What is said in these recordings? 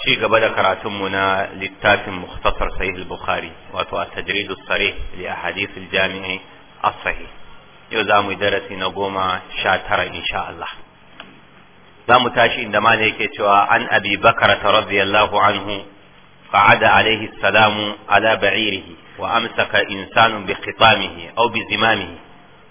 ci gaba da karatunmu na littafin mukhtasar sahih al-bukhari wato at-tajrid as-sarih li ahadith al-jami' as-sahih yau za mu yi darasi na goma sha tara insha Allah za mu tashi inda ma yake cewa an abi bakar ta radiyallahu anhu fa'ada alaihi salamu ala ba'irihi wa amsaka insanun bi khitamihi aw bi zimamihi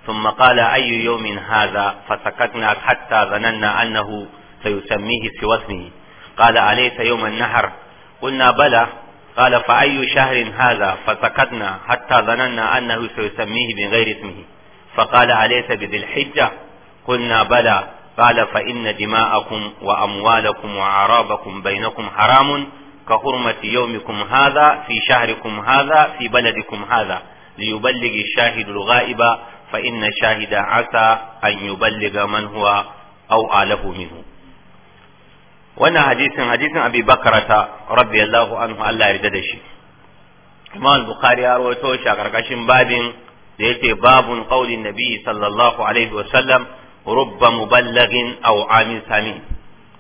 ثم قال أي يوم هذا فسكتنا حتى ظننا أنه سيسميه سوى اسمه قال أليس يوم النحر قلنا بلى قال فأي شهر هذا فسكتنا حتى ظننا أنه سيسميه من غير اسمه فقال أليس بذي الحجة قلنا بلى قال فإن دماءكم وأموالكم وأعرابكم بينكم حرام كحرمة يومكم هذا في شهركم هذا في بلدكم هذا ليبلغ الشاهد الغائب فإن الشاهد عسى أن يبلغ من هو أو آله منه wannan hadisin hadisin abi bakarata radiyallahu anhu Allah yarda da shi kuma al-bukhari ya rawaito shi a karkashin babin da yake babun qaulin nabi sallallahu alaihi wa sallam rubba muballighin aw amin sami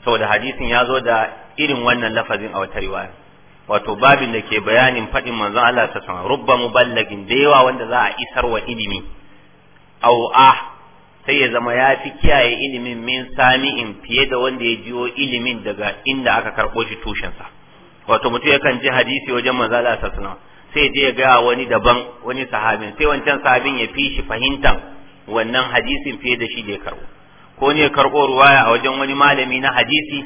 saboda hadisin ya zo da irin wannan lafazin a wata riwaya wato babin da ke bayanin faɗin manzon Allah ta sama rubba muballighin da yawa wanda za a isar wa ilimi aw ah sai ya zama ya fi kiyaye ilimin min sami'in fiye da wanda ya jiyo ilimin daga inda aka karɓo shi tushensa wato mutum yakan ji hadisi wajen manzala sassana sai je ya gaya wani daban wani sahabin sai wancan sahabin ya fi shi fahimtan wannan hadisin fiye da shi da ya karɓo ko ne ya karɓo ruwaya a wajen wani malami na hadisi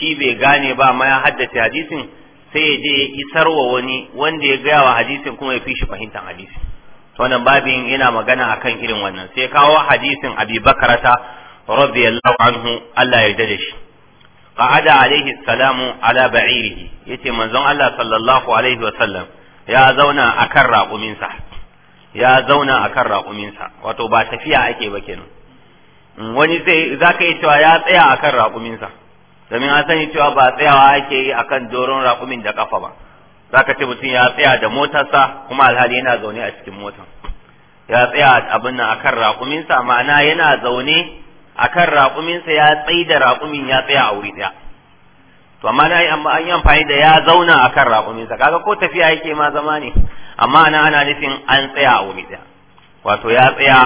shi bai gane ba ma ya haddace hadisin sai ya je ya isarwa wani wanda ya gaya wa hadisin kuma ya fi shi fahimtan hadisin wannan babin ina magana akan irin wannan sai kawo hadisin abi bakarata radiyallahu anhu Allah ya yarda da shi qa'ada alaihi salamu ala ba'irihi yace manzon Allah sallallahu alaihi wasallam ya zauna akan raƙuminsa ya zauna akan raƙuminsa wato ba tafiya ake ba kenan wani zai zaka yi cewa ya tsaya akan raƙuminsa domin an sani cewa ba tsayawa ake yi akan doron raƙumin da kafa ba zaka ce mutum ya tsaya da motarsa kuma alhali yana zaune a cikin motar ya tsaya abin nan akan raƙuminsa ma'ana yana zaune akan raƙuminsa ya tsayi da raƙumin ya tsaya a wuri ɗaya to amma na an yi amfani da ya zauna akan raƙuminsa kaga ko tafiya yake ma zama ne amma ana ana nufin an tsaya a wuri ɗaya wato ya tsaya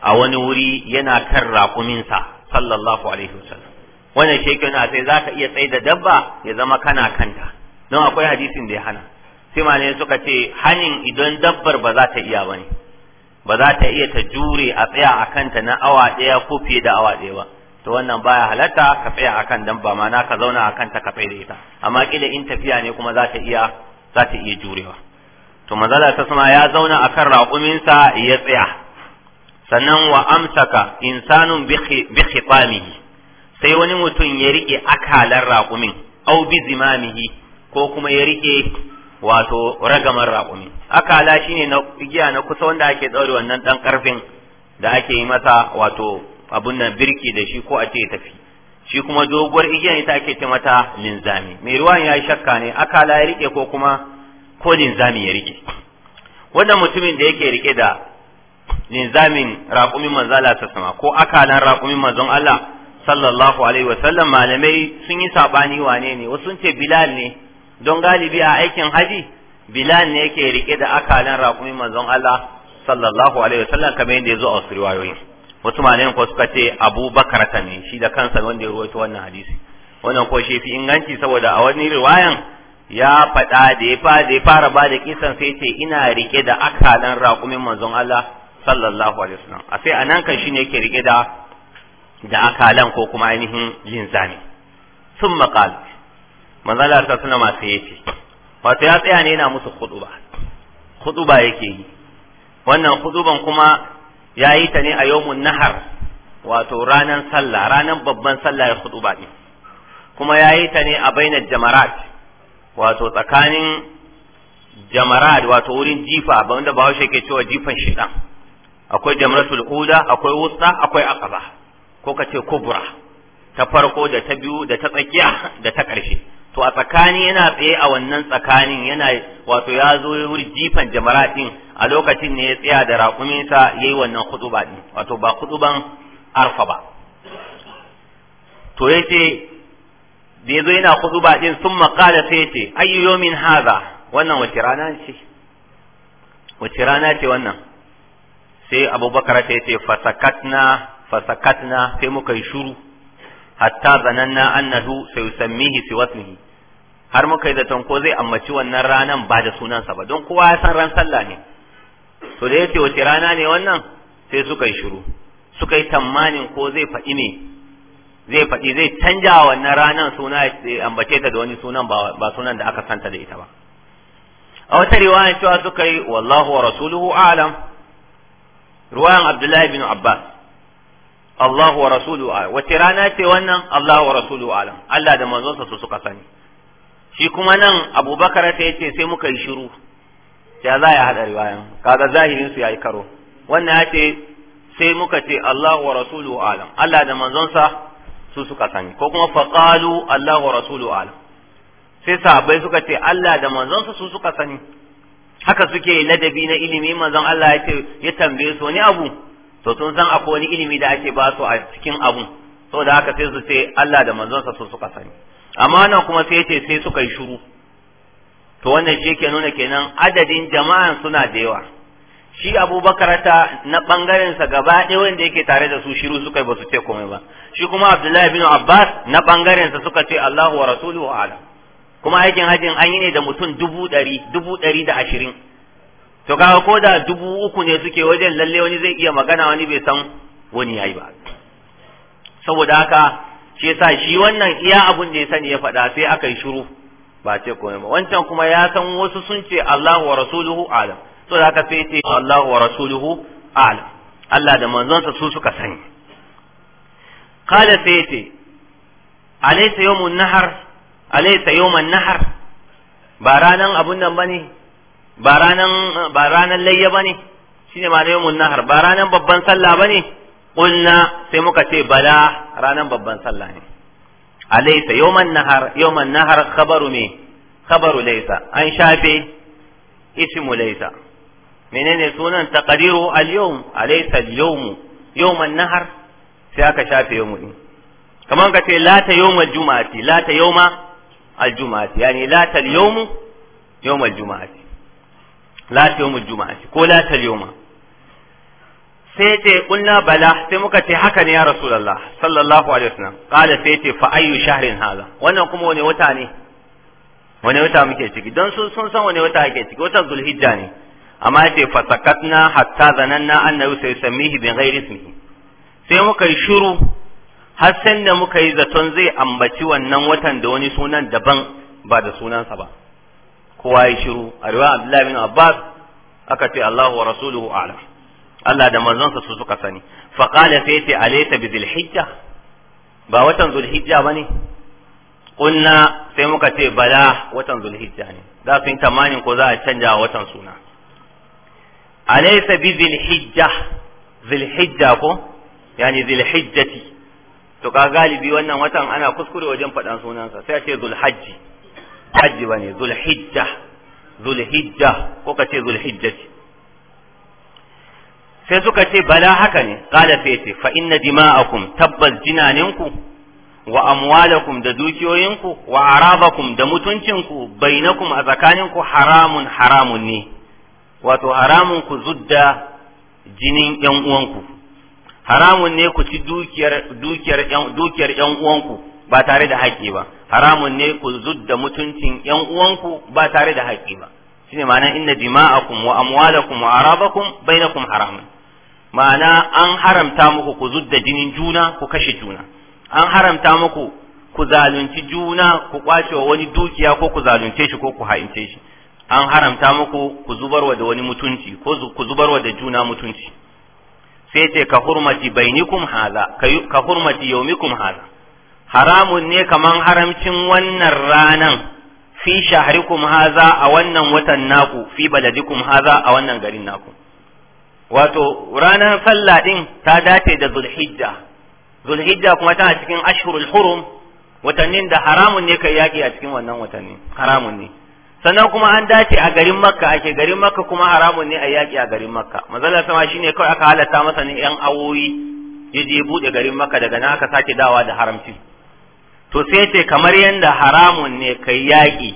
a wani wuri yana kan raƙuminsa sallallahu alaihi wasallam wannan shekaru na sai zaka iya tsaye da dabba ya zama kana kanta don akwai hadisin da ya hana sai malamai suka ce hanin idan dabbar ba za ta iya ba ne ba za ta iya ta jure a tsaya a kanta na awa ɗaya ko fiye da awa ɗaya ba to wannan baya halatta ka tsaya a kan dabba ma na ka zauna a kanta ka tsaya da ita amma kila in tafiya ne kuma za ta iya za ta iya jurewa to manzala ta sama ya zauna a kan raƙuminsa ya tsaya sannan wa amsaka insanun bi khitamihi sai wani mutum ya rike akalar raƙumin au bi zimamihi ko kuma ya rike wato ragamar raƙumi akala shine na igiya na kusa wanda ake tsauri wannan dan ƙarfin da ake yi masa wato abun nan birki da shi ko a ce tafi shi kuma doguwar igiya ita ake ce mata linzami mai ruwan ya yi shakka ne akala ya rike ko kuma ko linzami ya rike wannan mutumin da yake rike da linzamin raƙumin Allah ta sama ko akalan raƙumin manzo Allah sallallahu alaihi wasallam malamai sun yi sabani wane ne wasu sun ce bilal ne don galibi a aikin haji bilal ne yake rike da akalan raƙumin manzon Allah sallallahu alaihi wasallam kamar yadda ya a wasu riwayoyin wasu malayan ko suka ce abubakar ta ne shi da kansa wanda ya rawaito wannan hadisi wannan ko shi fi inganci saboda a wani riwayan ya faɗa da ya fara da ya fara ba da kisan sai ce ina rike da akalan raƙumin manzon Allah sallallahu alaihi wasallam a sai anan kan shine yake rike da da akalan ko kuma ainihin linzami sun maƙal manzala ta suna masu yace wato ya tsaya ne yana musu khutuba khutuba yake yi wannan khutuban kuma ya yi ta ne a yawmun nahar wato ranan sallah ranan babban sallah ya khutuba ne kuma ya yi ta ne a bainar jamarat wato tsakanin jamarat wato wurin jifa wanda ba ke cewa jifan shida akwai jamratul uda akwai wusta akwai akaba ko kace kubra ta farko da ta biyu da ta tsakiya da ta ƙarshe to a tsakani yana tsaye a wannan tsakanin yana wato ya zo ya wuri jifan jamara a lokacin ne ya tsaya da raƙuminsa ya yi wannan hutuba ne wato ba ban arfa ba to ya ce da zo yana kudu ɗin sun maƙala sai ce ayyuyomin haza wannan wace rana ce wace rana ce wannan sai abubakar ta ce fasakatna fasakatna sai muka yi shuru hatta zananna annahu sayusammihi fi wasmihi har muka yi zaton ko zai ammaci wannan ranan ba da sunansa ba don kowa ya san ran sallah ne to da yake wace rana ne wannan sai suka yi shiru suka yi tamanin ko zai faɗi ne zai faɗi zai canja wannan ranan suna ya ambace ta da wani sunan ba sunan da aka santa da ita ba a wata riwaya cewa suka yi wallahu wa rasuluhu a'lam ruwan abdullahi bin abbas Allahu wa rasuluhu a'lam wace rana ce wannan Allahu wa rasuluhu a'lam Allah da manzonsa su suka sani shi kuma nan abubakar ta yace sai muka yi shiru ya za ya haɗari bayan kaga zahirin su yayi karo wannan ya ce sai muka ce Allah wa rasulu alam Allah da manzonsa su suka sani ko kuma faqalu Allah wa rasulu alam sai sahabbai suka ce Allah da manzonsa su suka sani haka suke ladabi na ilimi manzon Allah ya ce ya tambaye su wani abu to sun san akwai wani ilimi da ake ba su a cikin abun saboda haka sai su ce Allah da manzonsa su suka sani amma kuma sai ce sai suka yi shuru to wannan shi ke nuna kenan adadin jama'an suna da yawa shi abubakar ta na bangaren sa gaba ɗaya wanda yake tare da su shiru suka yi ba su ce komai ba shi kuma abdullahi bin abbas na bangaren sa suka ce allahu wa rasuluhu alam kuma aikin hajjin an yi ne da mutum dubu ɗari dubu ɗari da ashirin to kaga ko da dubu uku ne suke wajen lalle wani zai iya magana wani bai san wani ya yi ba saboda haka shi yasa shi wannan iya abun da ya sani ya faɗa sai aka yi shiru ba ce komai ba wancan kuma ya san wasu sun ce Allah wa rasuluhu alam so da aka sai ce Allah wa rasuluhu alam Allah da manzonsa su suka sani kala sai ce alaysa yawmun nahar alaysa yawman nahar ba ranan abun nan bane ba ranan ba ranan layya bane shine ma yawmun nahar ba ranan babban sallah bane qulna sai muka ce bala ranar babban sallah ne alaysa yawman nahar yawman nahar khabaru me khabaru laisa an shafe ismu laisa. menene sunan taqdiru al-yawm alaysa al-yawm yawman nahar sai aka shafe yawmu din kamar ka ce la ta yawma al-jum'ati la ta yawma al-jum'ati yani la ta al-yawmu yawma al-jum'ati la ta yawma al-jum'ati ko la ta al-yawma sai yace kunna bala sai muka ce haka ne ya rasulullah sallallahu alaihi wasallam qala sai yace fa ayyu shahrin hadha wannan kuma wani wata ne wani wata muke ciki don sun sun san wani wata ake ciki wata zulhijja ne amma yace fa sakatna hatta zananna annahu sayusammihi bi ghairi ismihi sai muka yi shiru har san da muka yi zaton zai ambaci wannan watan da wani sunan daban ba da sunansa ba kowa ya shiru a riwayar Abdullahi bin Abbas aka ce Allahu wa rasuluhu a'lam Allah da manzonsa su suka sani fa qala fa yati alaysa bi dhilhijja ba watan zulhijja bane kunna sai muka ce bala watan zulhijja ne za su yi tamanin ko za a canja watan suna alaysa bi dhilhijja dhilhijja ko yani dhilhijjati to ka galibi wannan watan ana kuskure wajen faɗan sunansa sai a ce zulhajji hajji bane zulhijja zulhijja ko ka ce zulhijjati sai suka ce bala haka ne qala fa ce fa inna dima'akum tabbas jinaninku wa amwalakum da dukiyoyinku wa arabakum da mutuncinku bainakum a tsakaninku haramun haramun ne wato haramun ku zudda jinin yan uwanku haramun ne ku ci dukiyar dukiyar yan dukiyar yan uwanku ba tare da haƙƙi ba haramun ne ku zudda mutuncin yan uwanku ba tare da haƙƙi ba shine ma'ana inna dima'akum wa amwalakum wa arabakum bainakum haramun ma'ana an haramta muku ku zudda jinin juna ku kashe juna an haramta muku ku zalunci juna ku kwace wa wani dukiya ko ku zalunce shi ko ku haince shi an haramta muku ku zubarwa da wani mutunci ko ku zubarwa da juna mutunci sai ce ka hurmati bainikum haza ka hurmati yaumikum haza haramun ne kaman haramcin wannan ranan fi shahrikum haza a wannan watan naku fi baladikum haza a wannan garin naku wato ranar sallah din ta dace da zulhijja zulhijja kuma tana cikin ashhurul hurum watannin da haramun ne kai yaki a cikin wannan watanni haramun ne sannan kuma an dace a garin makka ake garin makka kuma haramun ne a yaki a garin makka manzala sama shine kawai aka halatta masa ne yan awoyi ya je bude garin makka daga nan aka sake dawa da haramci to sai ce kamar yanda haramun ne kai yaki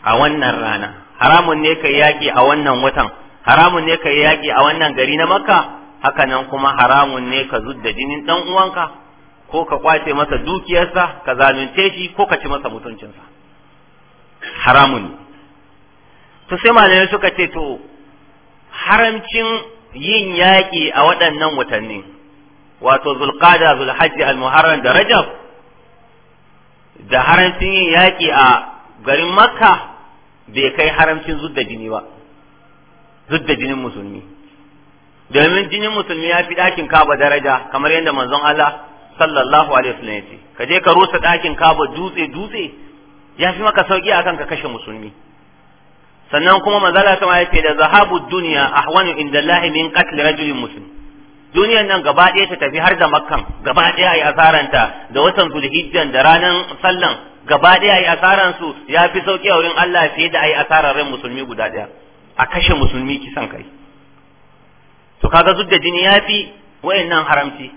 a wannan rana haramun ne kai yaki a wannan watan haramun ne ka yi yaƙi a wannan gari na makka haka nan kuma haramun ne ka zudda jinin ɗan uwanka ko ka kwace masa dukiyarsa ka zalunce shi ko ka ci masa mutuncinsa haramun ne to sai malamai suka ce to haramcin yin yaƙi a waɗannan watanni wato zulqada zulhajji almuharram da rajab da haramcin yin yaƙi a garin makka bai kai haramcin zudda jini ba duk da jinin musulmi domin jinin musulmi ya fi dakin kaba daraja kamar yadda manzon Allah sallallahu alaihi wasallam ya ka je ka rusa dakin kaba dutse dutse ya fi maka sauki akan ka kashe musulmi sannan kuma manzala sama ya ce da zahabu duniya ahwanu inda Allah min qatl rajulin muslim duniyan nan gaba ɗaya ta tafi har da makkan gaba ɗaya ai asaranta da watan zulhijjan da ranan sallan gaba ɗaya ai asaran su ya fi sauki a wurin Allah fiye da ayi asarar ran musulmi guda ɗaya a kashe musulmi kisan kai to kaga zudda jini ya fi wayannan haramci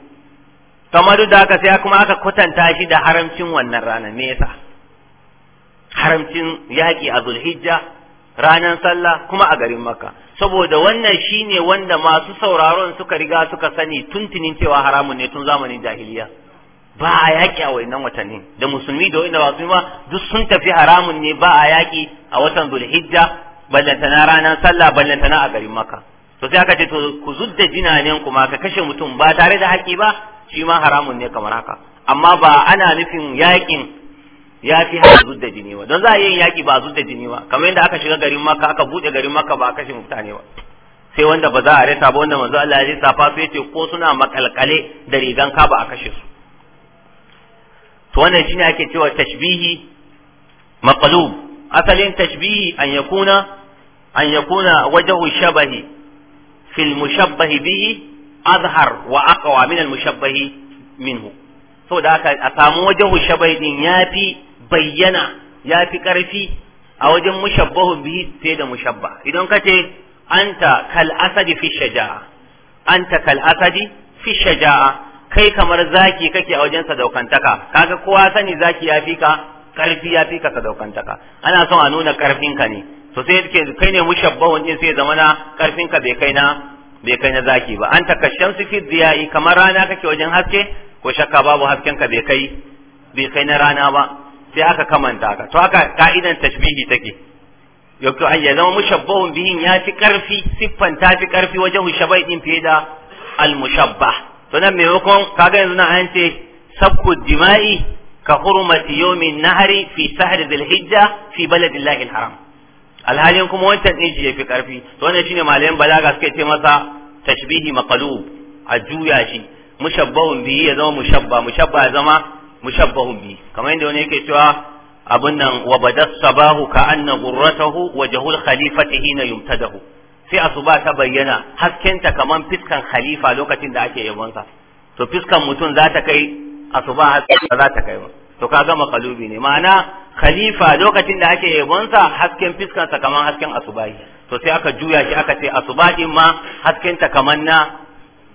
kamar duk da haka sai kuma aka kwatanta shi da haramcin wannan rana me yasa haramcin yaƙi a zulhijja ranar sallah kuma a garin makka saboda wannan shine wanda masu sauraron suka riga suka sani tuntunin cewa haramun ne tun zamanin jahiliya ba a yaƙi a wayannan watanni da musulmi da wanda ba su ma duk sun tafi haramun ne ba a yaƙi a watan zulhijja ballanta na ranar sallah ballanta na a garin maka to sai aka ce to ku zudda jinanen kuma ka kashe mutum ba tare da haƙi ba shi ma haramun ne kamar haka amma ba ana nufin yaƙin ya fi haka zudda jini ba don za a yi yaƙi ba zudda jini ba kamar yadda aka shiga garin maka aka buɗe garin maka ba a kashe mutane ba sai wanda ba za a rasa ba wanda manzo Allah ya safa su ce ko suna makalkale da rigan ka ba a kashe su to wannan shine ake cewa tashbihi maqlub asalin tashbihi an yakuna an yakuna wajhu shabahi fil mushabbahi bihi azhar wa aqwa min al mushabbahi minhu saboda haka a samu wajhu shabahi din yafi bayyana yafi karfi a wajen mushabbahu bihi sai da mushabba idan kace anta kal asadi fi shaja'a anta kal asadi fi shaja'a kai kamar zaki kake a wajen sadaukantaka kaga kowa sani zaki yafi ka. karfi ya fi ka ana son a nuna ka ne to sai ke kai ne mushabbahun din sai zama na karfinka bai kai na bai kai na zaki ba an ka shamsu fi diyai kamar rana kake wajen haske ko shakka babu hasken ka bai kai bai kai na rana ba sai aka kamanta ka to haka ka'idan tashbihi take yau an ya zama mushabbahun bihin ya fi karfi siffan ta fi karfi wajen hushabai din fiye da al mushabba to nan maimakon kaga yanzu na an ce sabku dima'i ka hurmati yawmin nahari fi sahr dhil hijja fi baladillahi alharam alhalin kuma wancan din shi yafi karfi to wannan shine malayan balaga suke ce masa tashbihi maqlub a juya shi mushabbahun bihi ya zama mushabba mushabba ya zama mushabbahun bihi kamar yadda wani yake cewa abun nan wa badat sabahu ka anna ghurratahu Khalifa ta khalifatihi na yumtadahu sai asuba ta bayyana haskenta kamar fiskan khalifa lokacin da ake yabonsa to fiskan mutum za ta kai asuba haske ba za ta kai ba to gama makalubi ne ma'ana khalifa lokacin da ake yabonsa hasken fiskansa kamar hasken asubahi to sai aka juya shi aka ce asuba ma hasken ta kaman na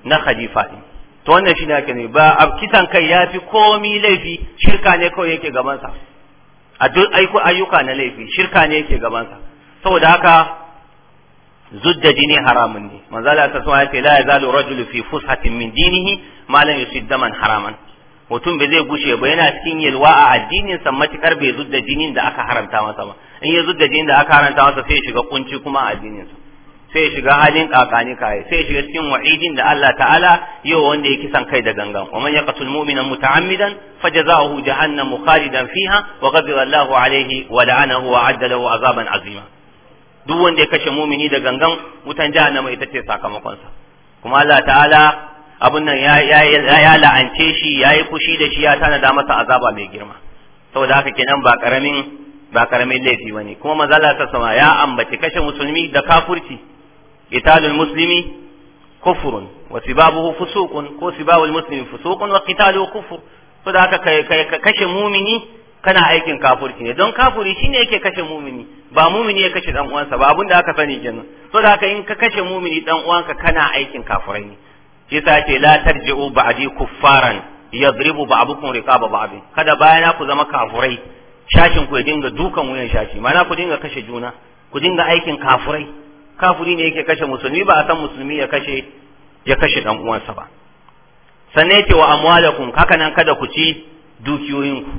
na khalifa din to wannan shine ake ne ba a kisan kai ya fi komi laifi shirka ne kawai yake gabansa a duk ayyuka na laifi shirka ne yake gabansa saboda haka zudda ni haramun ne manzo Allah ta ya ce la yazalu rajulu fi fushatin min dinihi ma lam yusid daman haraman mutum bai zai gushe ba yana cikin yalwa a addinin sa matukar bai zudda jinin da aka haramta masa ba in ya zudda jinin da aka haramta masa sai ya shiga kunci kuma a addinin sa sai ya shiga halin kakani kai sai ya shiga cikin wa'idin da Allah ta'ala yau wanda ya kisan kai da gangan wa man yaqtul mu'mina muta'ammidan fajazaohu jahannam khalidan fiha wa ghadiba Allahu alayhi wa la'anahu wa lahu azaban azima duk wanda ya kashe mumini da gangan wutan jahannama ita ce sakamakonsa kuma Allah ta'ala abun nan ya la'ance shi ya yi fushi da shi ya tanada masa azaba mai girma saboda haka kenan ba karamin ba karamin laifi bane kuma manzo Allah ta sama ya ambaci kashe musulmi da kafurci qitalul muslimi kufrun wa sibabuhu fusuqun ko sibabul muslimi fusuqun wa qitalu kufr saboda haka kai kashe mumini kana aikin kafurci ne don kafuri shine yake kashe mumini ba mumini ya kashe dan uwansa ba abinda aka sani kenan saboda haka in ka kashe mumini dan uwanka kana aikin kafurai ne yasa ce la tarji'u ba'di kuffaran yadribu ba'dukum riqaba ba'd kada bayan ku zama kafurai shashin ku ya dinga dukan wuyan shashi mana ku dinga kashe juna ku dinga aikin kafurai kafuri ne yake kashe musulmi ba a san musulmi ya kashe ya kashe dan uwansa ba sanne ce wa amwalakum haka nan kada ku ci dukiyoyinku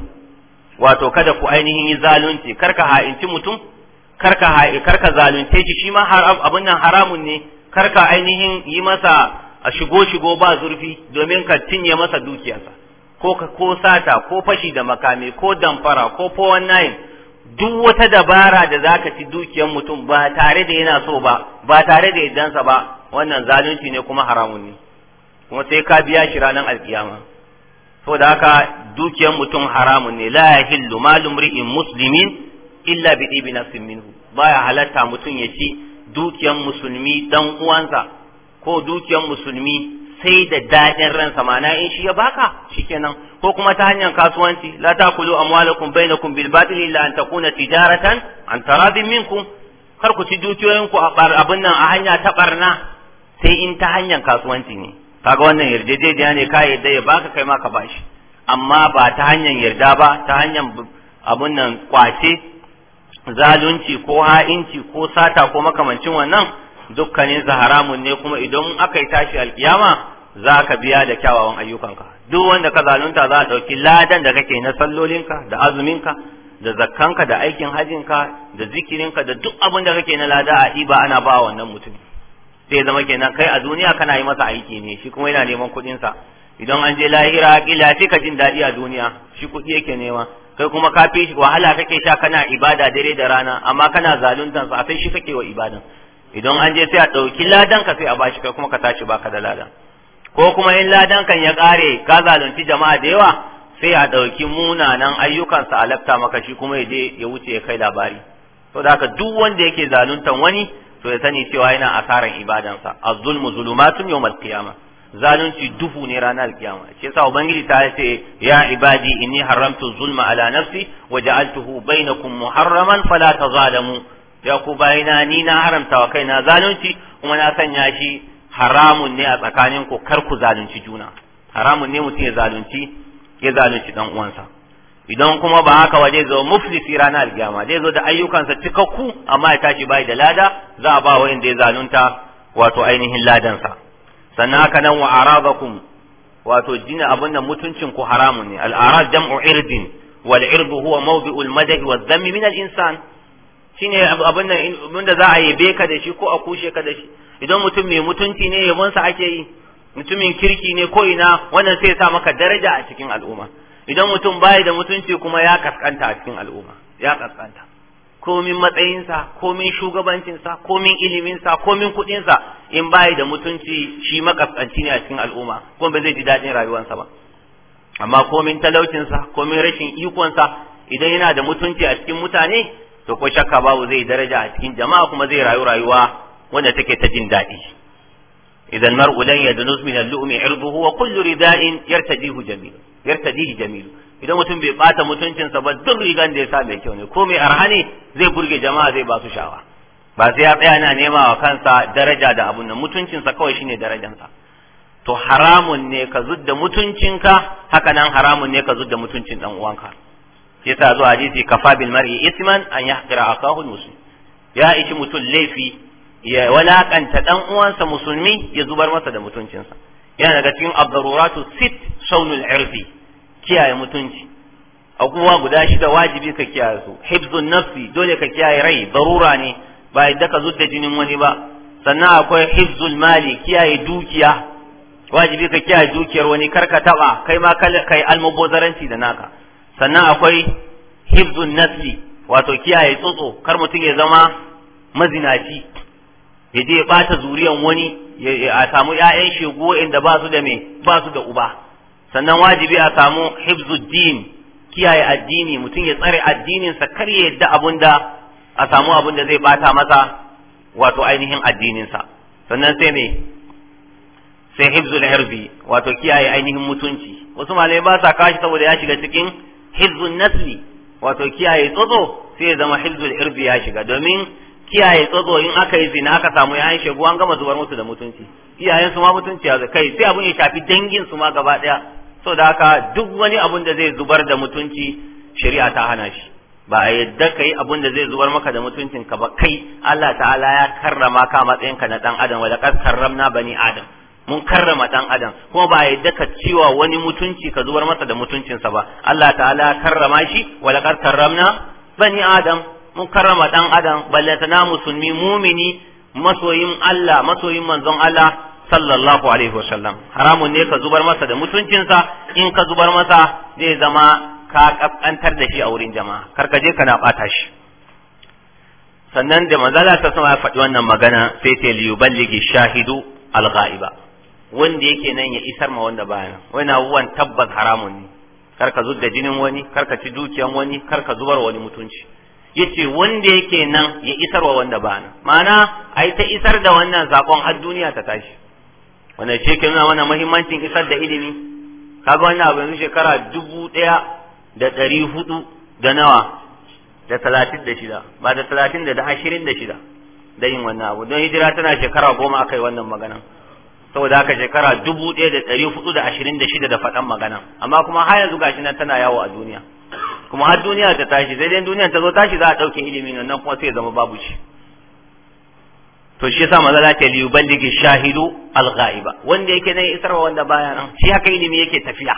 wato kada ku ainihin yi zalunci karka ha'inci mutum karka ha'i karka zalunce shi shi ma abin nan haramun ne karka ainihin yi masa a shigo shigo ba zurfi domin ka cinye masa dukiyarsa ko ka ko sata ko fashi da makami ko damfara ko fowan duk wata dabara da zaka ci dukiyar mutum ba tare da yana so ba ba tare da yaddansa ba wannan zalunci ne kuma haramun ne kuma sai ka biya shi ranar alkiyama saboda haka dukiyar mutum haramun ne la yahillu malum ri'in muslimin illa bi ibn minhu baya halatta mutum ya ci dukiyar musulmi dan uwansa ko dukiyar musulmi sai da daɗin ransa na in shi ya baka shikenan ko kuma ta hanyar kasuwanci la takulu amwalakum bainakum bil batil illa an takuna tijaratan an taradin minkum kar ku ci dukiyoyinku a abin nan a hanya ta barna sai in ta hanyar kasuwanci ne kaga wannan yarjejeniya ne ka yarda ya baka kai ma ka bashi amma ba ta hanyar yarda ba ta hanyar abin nan kwace zalunci ko ha'inci ko sata ko makamancin wannan dukkanin sa haramun ne kuma idan aka yi tashi alkiyama za ka biya da kyawawan ayyukanka duk wanda ka zalunta za a ɗauki ladan da kake na sallolinka da azuminka da zakkanka da aikin hajinka da zikirinka da duk abin da kake na lada a ɗiba ana ba wannan mutum sai zama kenan kai a duniya kana yi masa aiki ne shi kuma yana neman kuɗinsa idan an je lahira kila sai ka jin daɗi a duniya shi kuɗi yake nema kai kuma ka fi wahala kake sha kana ibada dare da rana amma kana zaluntansa a sai shi kake wa ibadan idan an je sai a ɗauki ladan ka sai a bashi kai kuma ka tashi baka da ladan ko kuma in ladan kan ya kare ka zalunci jama'a da yawa sai a ɗauki munanan ayyukansa a lafta maka shi kuma ya je ya wuce ya kai labari to da haka duk wanda yake zaluntan wani to ya sani cewa yana asaran ibadansa az-zulmu zulumatun yawmal qiyamah zalunci duhu ne ranar kiyama shi yasa ubangiji ta ce ya ibadi inni haramtu zulma ala nafsi wa ja'altuhu bainakum muharraman fala tazalamu ya ku bayina ni na haramta wa kaina zalunci kuma na sanya shi haramun ne a tsakanin ku kar ku zalunci juna haramun ne mutum ya zalunci ya zalunci dan uwansa idan kuma ba haka waje zo muflisi ranar alkiyama zai zo da ayyukansa cikakku amma ya tashi bai da lada za a ba inda ya zalunta wato ainihin ladansa sannan haka nan wa arabakum wato jina abin da mutuncin ku haramun ne al arab jam'u irdin wal irdu huwa mawdi'ul madahi wadh-dhammi min al insan shine abin nan abin da za a yabe ka da shi ko a kushe ka da shi idan mutum mai mutunci ne yabon sa ake yi mutumin kirki ne ko ina wannan sai ya sa maka daraja a cikin al'umma idan mutum bai da mutunci kuma ya kaskanta a cikin al'umma ya kaskanta komin matsayinsa komin shugabancinsa komin iliminsa komin kuɗinsa in bai da mutunci shi makaskanci ne a cikin al'umma ko ba zai ji daɗin rayuwarsa ba amma komin talaucinsa komin rashin ikonsa idan yana da mutunci a cikin mutane to ko shakka babu zai daraja a cikin jama'a kuma zai rayu rayuwa wanda take ta jin daɗi idan mar'u lan yadnus min al-lu'mi irduhu wa kullu rida'in yartadihu jamil yartadihi jamil idan mutum bai bata mutuncinsa ba duk rigan da ya sa mai kyau ne ko mai arhani zai burge jama'a zai ba su shawa ba sai ya tsaya na nema wa kansa daraja da abun nan mutuncinsa kawai shine darajansa to haramun ne ka zudda mutuncinka haka nan haramun ne ka zudda mutuncin dan uwanka yasa zuwa hadisi kafa bil mar'i isman an yahqira akahu muslim ya ishi mutum laifi ya walakanta dan uwansa musulmi ya zubar masa da mutuncinsa yana daga cikin abdaruratu sit saunul irfi kiyaye mutunci abubuwa guda shida wajibi ka kiyaye su hibzun nafsi dole ka kiyaye rai barura ne ba yadda ka zudda jinin wani ba sannan akwai hibzul mali kiyaye dukiya wajibi ka kiyaye dukiyar wani kar ka taba kai ma kai almubozaranci da naka sannan akwai hibzun nafsi wato kiyaye tsotso kar mutum ya zama mazinaci ya je ya bata zuriyan wani a samu ƴaƴan shegu inda ba su da me ba su da uba sannan wajibi a samu hibzuddin kiyaye addini mutum ya tsare addininsa kar ya yadda abunda a samu abun zai bata masa wato ainihin addininsa sannan sai me sai hibzul hirzi wato kiyaye ainihin mutunci wasu malai ba sa kashi saboda ya shiga cikin hizbun nasli wato kiyaye tsotso sai ya zama hizbul irbi ya shiga domin kiyaye tsotso in aka yi zina aka samu yayan shegu an gama zubar musu da mutunci iyayen su ma mutunci ya kai sai abun ya shafi dangin su ma gaba daya so da haka duk wani abun da zai zubar da mutunci shari'a ta hana shi ba a yadda ka yi abun da zai zubar maka da mutuncinka ba kai Allah ta'ala ya karrama ka matsayinka na dan adam wa laqad karramna bani adam mun karrama dan adam kuma ba yadda ka cewa wani mutunci ka zubar masa da mutuncinsa ba Allah ta'ala karrama shi wala laqad karramna bani adam mun karrama dan adam ballatana musulmi mumini masoyin Allah masoyin manzon Allah sallallahu alaihi wasallam haramun ne ka zubar masa da mutuncinsa in ka zubar masa zai zama ka kaskantar da shi a wurin jama'a kar ka je kana bata shi sannan da manzala ta sama ya faɗi wannan magana sai ta liyuballigi shahidu al-ghaiba wanda yake nan ya isar ma wanda baya nan wani abubuwan tabbas haramun ne kar ka zudda jinin wani kar ka ci dukiyan wani kar ka zubar wani mutunci yace wanda yake nan ya isar wa wanda baya nan ma'ana ai ta isar da wannan zakon har duniya ta tashi wannan shi ke nuna wannan muhimmancin isar da ilimi kaga wannan abu yanzu shekara dubu ɗaya da ɗari hudu da nawa da talatin da shida ba da talatin da ashirin da shida da yin wannan abu don hijira tana shekara goma aka yi wannan maganan saboda haka shekara dubu ɗaya da ɗari hudu da ashirin da shida da faɗan magana amma kuma har yanzu gashi nan tana yawo a duniya kuma har duniya ta tashi sai dai duniya ta zo tashi za a ɗauke ilimin nan kuma sai ya zama babu shi to shi yasa maza zaka li yuballigi shahidu al-ghaiba wanda yake nan isarwa wanda baya nan shi haka ilimi yake tafiya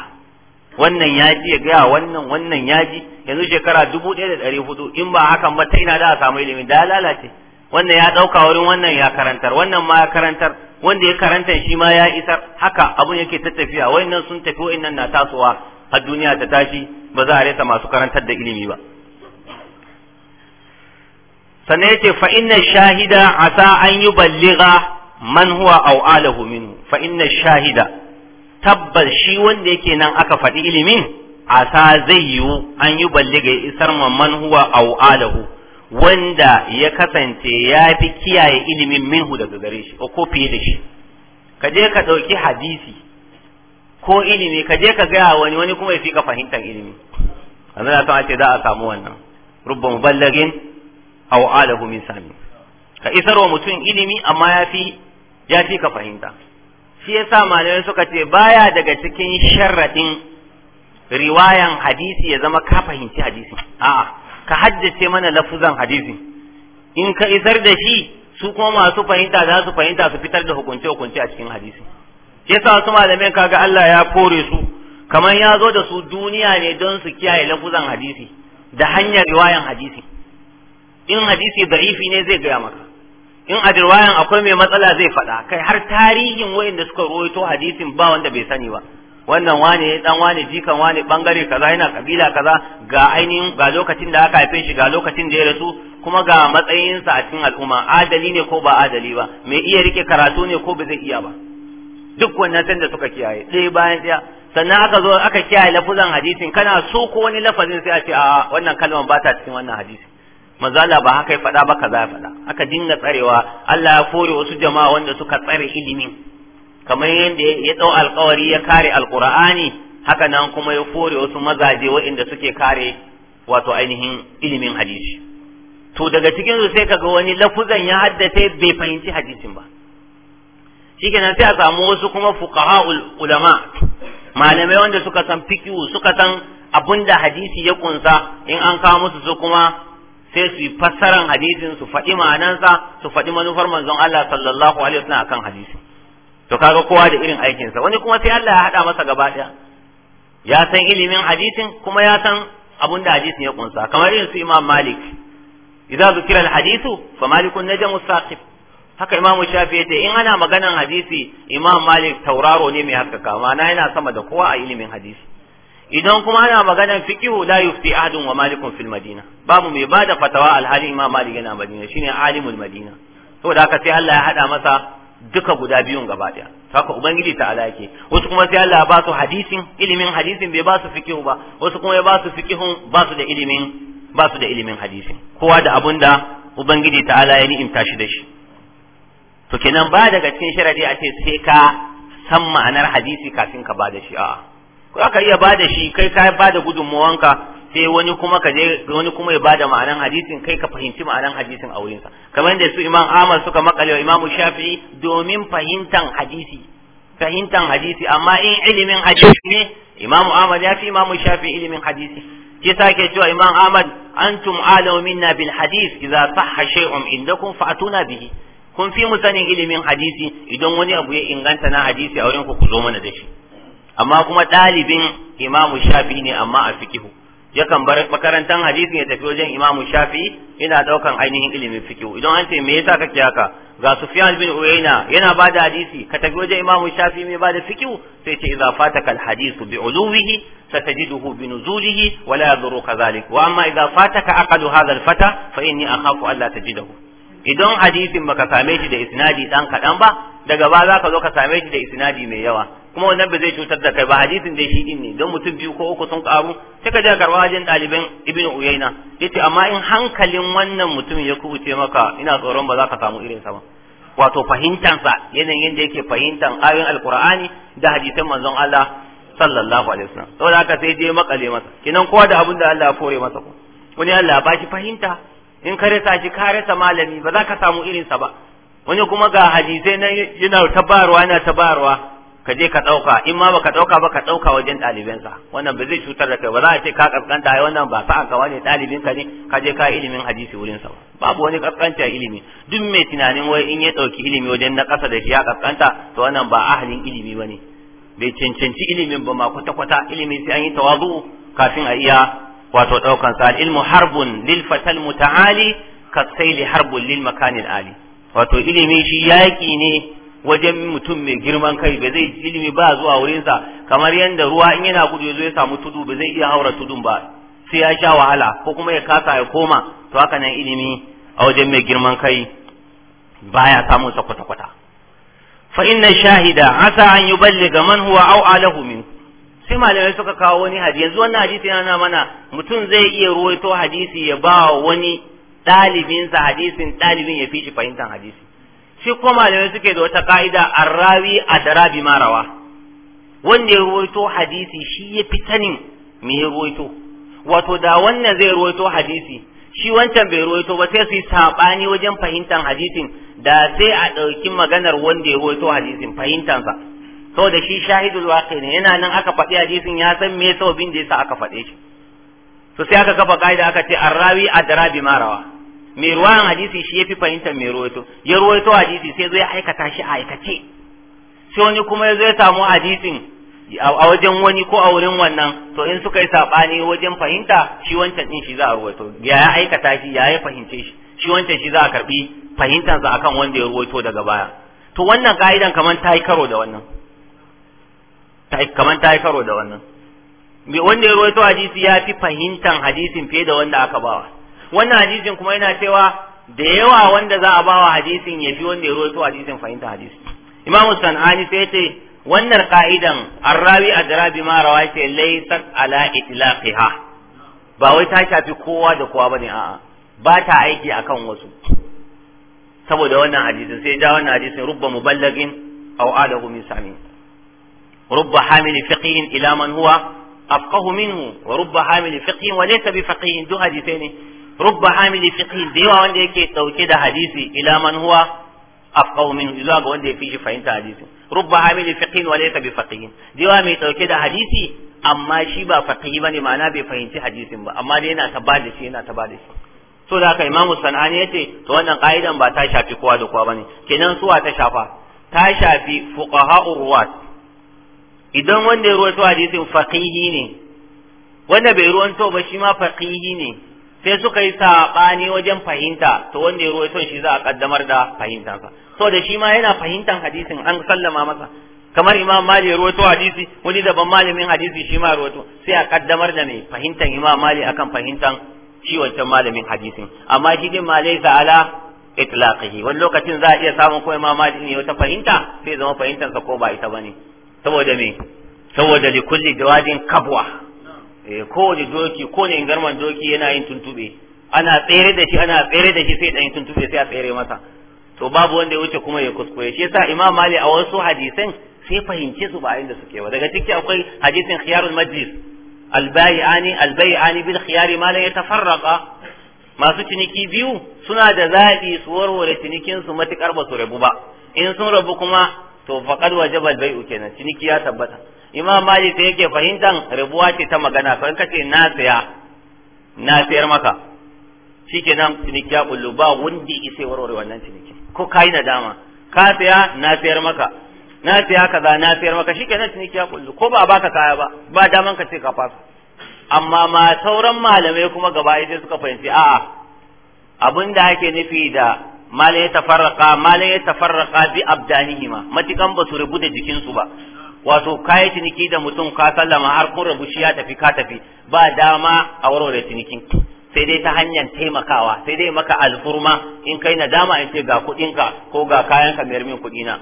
wannan ya ji ya gaya wannan wannan ya ji yanzu shekara dubu ɗaya da ɗari hudu in ba hakan ba ta ina da a samu ilimi da ya lalace wannan ya ɗauka wurin wannan ya karantar wannan ma ya karantar wanda ya karanta shi ma ya isar haka abun yake ta tafiya wayannan sun tafi wayannan na tasowa har duniya ta tashi ba za a rasa masu karantar da ilimi ba sannan yace fa inna shahida asa an yuballigha man huwa aw alahu minhu fa inna shahida tabbas shi wanda yake nan aka faɗi ilimin asa zai yiwu an yi balliga ya isar man huwa aw alahu wanda ya kasance ya fi kiyaye ilimin minhu daga gare shi ko fiye da shi ka je ka ɗauki hadisi ko ilimi ka je ka gaya wani wani kuma ya fi ka fahimtar ilimi yanzu na san ce za a samu wannan rubba muballagin aw alahu min sami ka isarwa mutum ilimi amma ya fi ya fi ka fahimta shi yasa malamai suka ce baya daga cikin sharradin riwayan hadisi ya zama ka fahimci hadisi a'a ka haddace mana lafuzan hadisi in ka isar da shi su kuma masu fahimta za su fahimta su fitar da hukunce hukunce a cikin hadisi ke sa wasu malamai kaga Allah ya kore su kamar ya zo da su duniya ne don su kiyaye lafuzan hadisi da hanyar riwayan hadisi in hadisi da'ifi ne zai gaya maka in a riwayan akwai mai matsala zai faɗa kai har tarihin wayanda suka rawaito hadisin ba wanda bai sani ba wannan wane dan wane jikan wane bangare kaza yana kabila kaza ga ainihin ga lokacin da aka haife shi ga lokacin da ya rasu kuma ga matsayinsa a cikin al'umma adali ne ko ba adali ba mai iya rike karatu ne ko ba zai iya ba duk wannan san da suka kiyaye ɗaya bayan ɗaya sannan aka zo aka kiyaye lafuzan hadisin kana so ko wani lafazin sai a ce a wannan kalmar ba ta cikin wannan hadisin mazala ba haka ya faɗa ba kaza ya faɗa aka dinga tsarewa Allah ya kore wasu jama'a wanda suka tsare ilimin kamar yadda ya dau alkawari ya kare alkur'ani haka nan kuma ya fore wasu mazaje waɗanda suke kare wato ainihin ilimin hadisi to daga cikin su sai kaga wani lafuzan ya haddace bai fahimci hadisin ba shikenan sai a samu wasu kuma fuqaha ulama malamai wanda suka san fiqhu suka san abinda hadisi ya kunsa in an kawo musu su kuma sai su yi fassaran hadisin su faɗi ma'anansa su faɗi manufar manzon Allah sallallahu alaihi wasallam akan hadisi to kaga kowa da irin aikinsa wani kuma sai Allah ya haɗa masa gaba ɗaya ya san ilimin hadisin kuma ya san abunda da hadisin ya kunsa kamar irin su Imam Malik idan zukira al-hadithu fa malikun najmu saqif haka Imam Shafi yace in ana maganan hadisi Imam Malik tauraro ne mai haskaka ma'ana yana sama da kowa a ilimin hadisi idan kuma ana maganan fiqhu la yufti ahadun wa malikun fil madina babu mai bada fatawa alhali Imam Malik yana Madina shine alimul Madina saboda haka sai Allah ya hada masa duka guda biyun gaba daya haka ubangiji ta ala yake wasu kuma sai Allah ba su hadisin ilimin hadisin bai ba su fikihu ba wasu kuma ya ba su fikihun ba su da ilimin ba su da ilimin hadisin kowa da abun da ubangiji ta ala ya ni'imta shi da shi to kenan ba daga cikin sharadi a ce sai ka san ma'anar hadisi kafin ka ba da shi a'a ko ka iya ba da shi kai ka ba da gudunmuwanka sai wani kuma ka je wani kuma ya bada ma'anan hadisin kai ka fahimci ma'anan hadisin a wurinsa kamar da su imam Ahmad suka makale wa imamu Shafi'i domin fahimtan hadisi fahimtan hadisi amma in ilimin hadisi ne imamu Ahmad ya fi imamu Shafi'i ilimin hadisi shi sa ke cewa imam Ahmad antum alamu minna bil hadis idza sahha shay'un indakum fa'tuna bihi kun fi mu sanin ilimin hadisi idan wani abu ya inganta na hadisi a wurin ku ku zo mana da shi amma kuma ɗalibin imamu Shafi'i ne amma a fikihu yakan bar makarantan hadisin ya tafi wajen imamu shafi yana daukan ainihin ilimin fikihu idan an ce me yasa kake haka ga sufyan bin uyayna yana bada hadisi ka tafi wajen imamu shafi mai bada fikihu sai ce idza fataka al hadisu bi uluwihi satajiduhu bi nuzulihi wa la yadhurruka dhalik wa amma idza fataka aqadu hadha al fata fa inni akhafu an la tajidahu idan hadisin baka same shi da isnadi dan kadan ba daga ba za ka zo ka same shi da isnadi mai yawa kuma wannan ba zai cutar da kai ba hadisin da shi din ne don mutum biyu ko uku sun karu sai ka je karwa wajen ɗaliban ibn uyaina yace amma in hankalin wannan mutum ya kubuce maka ina tsoron ba za ka samu irin sa ba wato fahimtansa yanayin yadda yake fahimtan ayoyin alqur'ani da hadisan manzon Allah sallallahu alaihi wasallam saboda haka sai je makale masa kinan kowa da abin da Allah ya fore masa ko wani Allah ba shi fahimta in ka rasa shi ka rasa malami ba za ka samu irin sa ba wani kuma ga hadisai na yana tabarwa yana tabarwa ka je ka ɗauka in ma baka ɗauka ba ka ɗauka wajen ɗalibinsa wannan ba zai cutar da kai ba za a ce ka kaskanta ai wannan ba sa'a ka wani ɗalibin ka ne ka je ka ilimin hadisi wurin sa babu wani kaskanta ilimi duk mai tunanin wai in ya ɗauki ilimi wajen na ƙasa da shi ya ƙasƙanta to wannan ba ahalin ilimi ba ne bai cancanci ilimin ba ma kwata-kwata ilimin sai an yi tawazu kafin a iya wato ɗaukan sa ilmu harbun lil fatal muta'ali ka saili harbun lil makanin ali wato ilimi shi yaƙi ne wajen mutum mai girman kai ba zai ilimi ba zuwa wurinsa kamar yadda ruwa in yana gudu ya zo ya samu tudu ba zai iya haura tudun ba sai ya sha wahala ko kuma ya kasa ya koma to haka nan ilimi a wajen mai girman kai baya samun sa kwata kwata fa inna shahida asa an yuballiga man huwa au alahu min sai malamai suka kawo wani hadisi yanzu wannan hadisi yana mana mutum zai iya ruwaito hadisi ya ba wani ɗalibinsa hadisin ɗalibin ya fi shi fahimtar hadisi shi ko malamai suke da wata ka'ida arrawi a darabi marawa wanda ya ruwaito hadisi shi ya fi sanin me ya ruwaito wato da wannan zai ruwaito hadisi shi wancan bai ruwaito ba sai su yi saɓani wajen fahimtar hadisin da sai a ɗauki maganar wanda ya ruwaito hadisin fahimtansa saboda shi shahidul waqi ne yana nan aka faɗi hadisin ya san me sababin da yasa aka faɗe shi to sai aka kafa ka'ida aka ce arrawi a darabi marawa mai ruwan hadisi shi ya fi fahimtar mai ruwaito ya ruwaito hadisi sai zai aikata shi a aikace sai wani kuma ya zo ya samu hadisin a wajen wani ko a wurin wannan to in suka yi saɓani wajen fahimta shi wancan din shi za a ruwaito ya ya aikata shi ya ya fahimce shi shi wancan shi za a karbi fahimtansa akan wanda ya ruwaito daga baya to wannan ka'idan kaman ta yi karo da wannan kaman ta yi karo da wannan wanda ya ruwaito hadisi ya fi fahimtan hadisin fiye da wanda aka bawa wannan hadisin kuma yana cewa da yawa wanda za a ba wa hadisin ya fi wanda ya rawaito hadisin fahimta hadisi imamu sanani sai ce wannan ka'idan arrawi adra bima rawaita laysat ala itlaqiha ba wai ta shafi kowa da kowa bane a'a ba ta aiki akan wasu saboda wannan hadisin sai ja wannan hadisin rubba muballagin aw alahu min sami rubba hamil fiqhin ila man huwa afqahu minhu wa rubba hamil fiqhin wa laysa bi duk du hadisaini rubba hamili fiqhin da yawa wanda yake dauke da hadisi ila man huwa afqahu min zuwa ga wanda yafi shi fahimta hadisi rubba hamili fiqhin wa laysa bi faqih da yawa mai dauke da hadisi amma shi ba faqih bane ma'ana bai fahimci hadisin ba amma dai yana ta bada shi yana ta bada shi so da haka imamu sanani yace to wannan ka'idan ba ta shafi kowa da kowa bane kenan suwa ta shafa ta shafi fuqaha'ur ruwat idan wanda ya ruwaito hadisin faqihi ne wanda bai ruwanto ba shi ma faqihi ne sai suka yi saɓani wajen fahimta to wanda ya ruwaito shi za a kaddamar da fahimtansa so da shi ma yana fahimtan hadisin an sallama masa kamar imam mali ya ruwaito hadisi wani daban malamin hadisi shi ma ruwaito sai a kaddamar da mai fahimtan imam mali akan fahimtan shi wancan malamin hadisin amma shi din ma sa ala itlaqihi wani lokacin za a iya samun ko imam mali ne wata fahimta sai zama fahimtansa ko ba ita bane saboda me saboda likulli jawadin kabwa Eh, kowane doki kowane ingarman doki yana yin tuntube ana tsere da shi ana tsere da shi sai dan tuntube sai a tsere masa to babu wanda ya wuce kuma ya kuskure shi yasa imam mali a wasu hadisan sai fahimce su ba inda suke ba daga ciki akwai hadisin khiyarul majlis albayani albayani bil khiyari ma la yatafarraqa masu ciniki biyu suna da zaɓi su warware cinikin su matukar ba su rabu ba in sun rabu kuma to faqad wajaba al-bai'u kenan ciniki ya tabbata imam malik da yake fahimtan rabuwa ce ta magana in kace na saya na sayar maka shikenan ciniki ya bullu ba wanda yake warware wannan ciniki ko kai nadama ka saya na sayar maka na saya kaza na sayar maka shikenan ciniki ya bullu ko ba baka kaya ba ba daman ka ce ka fasa amma ma sauran malamai kuma gaba ɗaya suka fahimci a'a abin da ake nufi da ma ta yatafarraqa ma ta yatafarraqa bi abdanihima matikan ba su rubu da jikin su ba wato kai ciniki da mutum ka sallama har kun rabu shi ya tafi ka tafi ba dama a warware ciniki sai dai ta hanyar taimakawa sai dai maka alfurma in kai nadama in ce ga kuɗinka ko ga kayanka mayar min na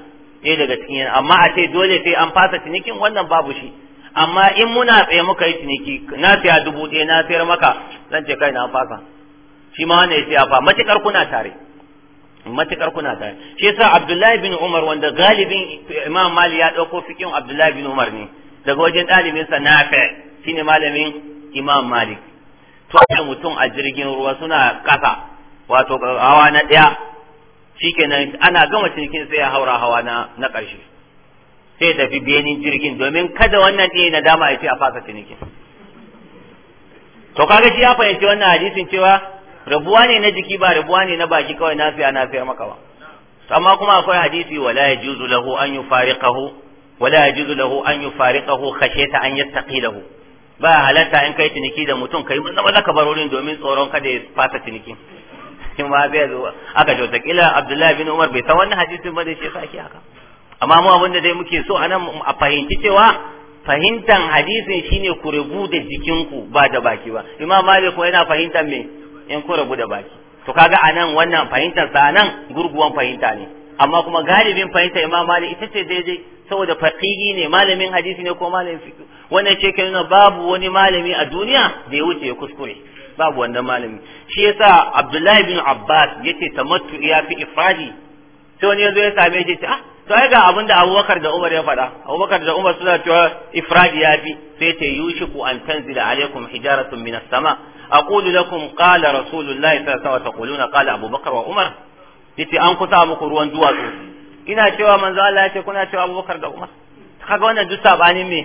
ɗaya daga cikin amma a ce dole sai an fasa cinikin wannan babu shi amma in muna tsaye muka yi ciniki na siya dubu ɗaya na sayar maka zan ce kai na fasa shi ma wannan ya siya fa matuƙar kuna tare matukar kuna da. shi yasa Abdullahi bin Umar wanda galibin Imam Mali ya dauko fikin Abdullahi bin Umar ne daga wajen dalibin sa Nafi shine malamin Imam Malik to mutum a jirgin ruwa suna kasa wato hawa na daya shikenan ana gama cikin sai ya haura hawa na na karshe sai tafi benin jirgin domin kada wannan ɗaya na dama ya ce a fasa cinikin to kaga shi ya fahimci wannan hadisin cewa rabuwa ne na jiki ba rabuwa ne na baki kawai na fiya na fiya maka ba amma kuma akwai hadisi wala yajuzu lahu an yufariqahu wala yajuzu lahu an yufariqahu khashiyata an yattaqilahu ba halatta in kai tiniki da mutum kai mun za ka barorin domin tsoron kada ya fasa tiniki in ba zai zo aka ce takila Abdullahi bin Umar bai san wannan hadisin ba da shi saki haka amma mu abinda dai muke so anan a fahimci cewa fahimtan hadisin shine ku rubu da jikinku ba da baki ba Imam Malik ko yana fahimtan me in ku rabu da baki to kaga anan wannan fahimtar sa nan gurguwan fahimta ne amma kuma galibin fahimta Imam mali ita ce daidai saboda faqihi ne malamin hadisi ne ko malamin fiqh wannan ce kai nuna babu wani malami a duniya da ya wuce ya kuskure babu wannan malami shi yasa Abdullahi bin Abbas yace tamattu ya fi ifadi sai wani yazo ya same shi ce ah to ai ga abin da Abubakar da Umar ya faɗa Abubakar da Umar suna cewa ifradi ya fi sai ta yushiku an tanzila alaikum hijaratun minas sama aqulu lakum qala rasulullahi sallallahu alaihi wasallam taquluna qala Abubakar wa Umar yace an kusa muku ruwan duwatsu ina cewa manzo Allah ce kuna cewa Abubakar da Umar kaga wannan duk sabanin me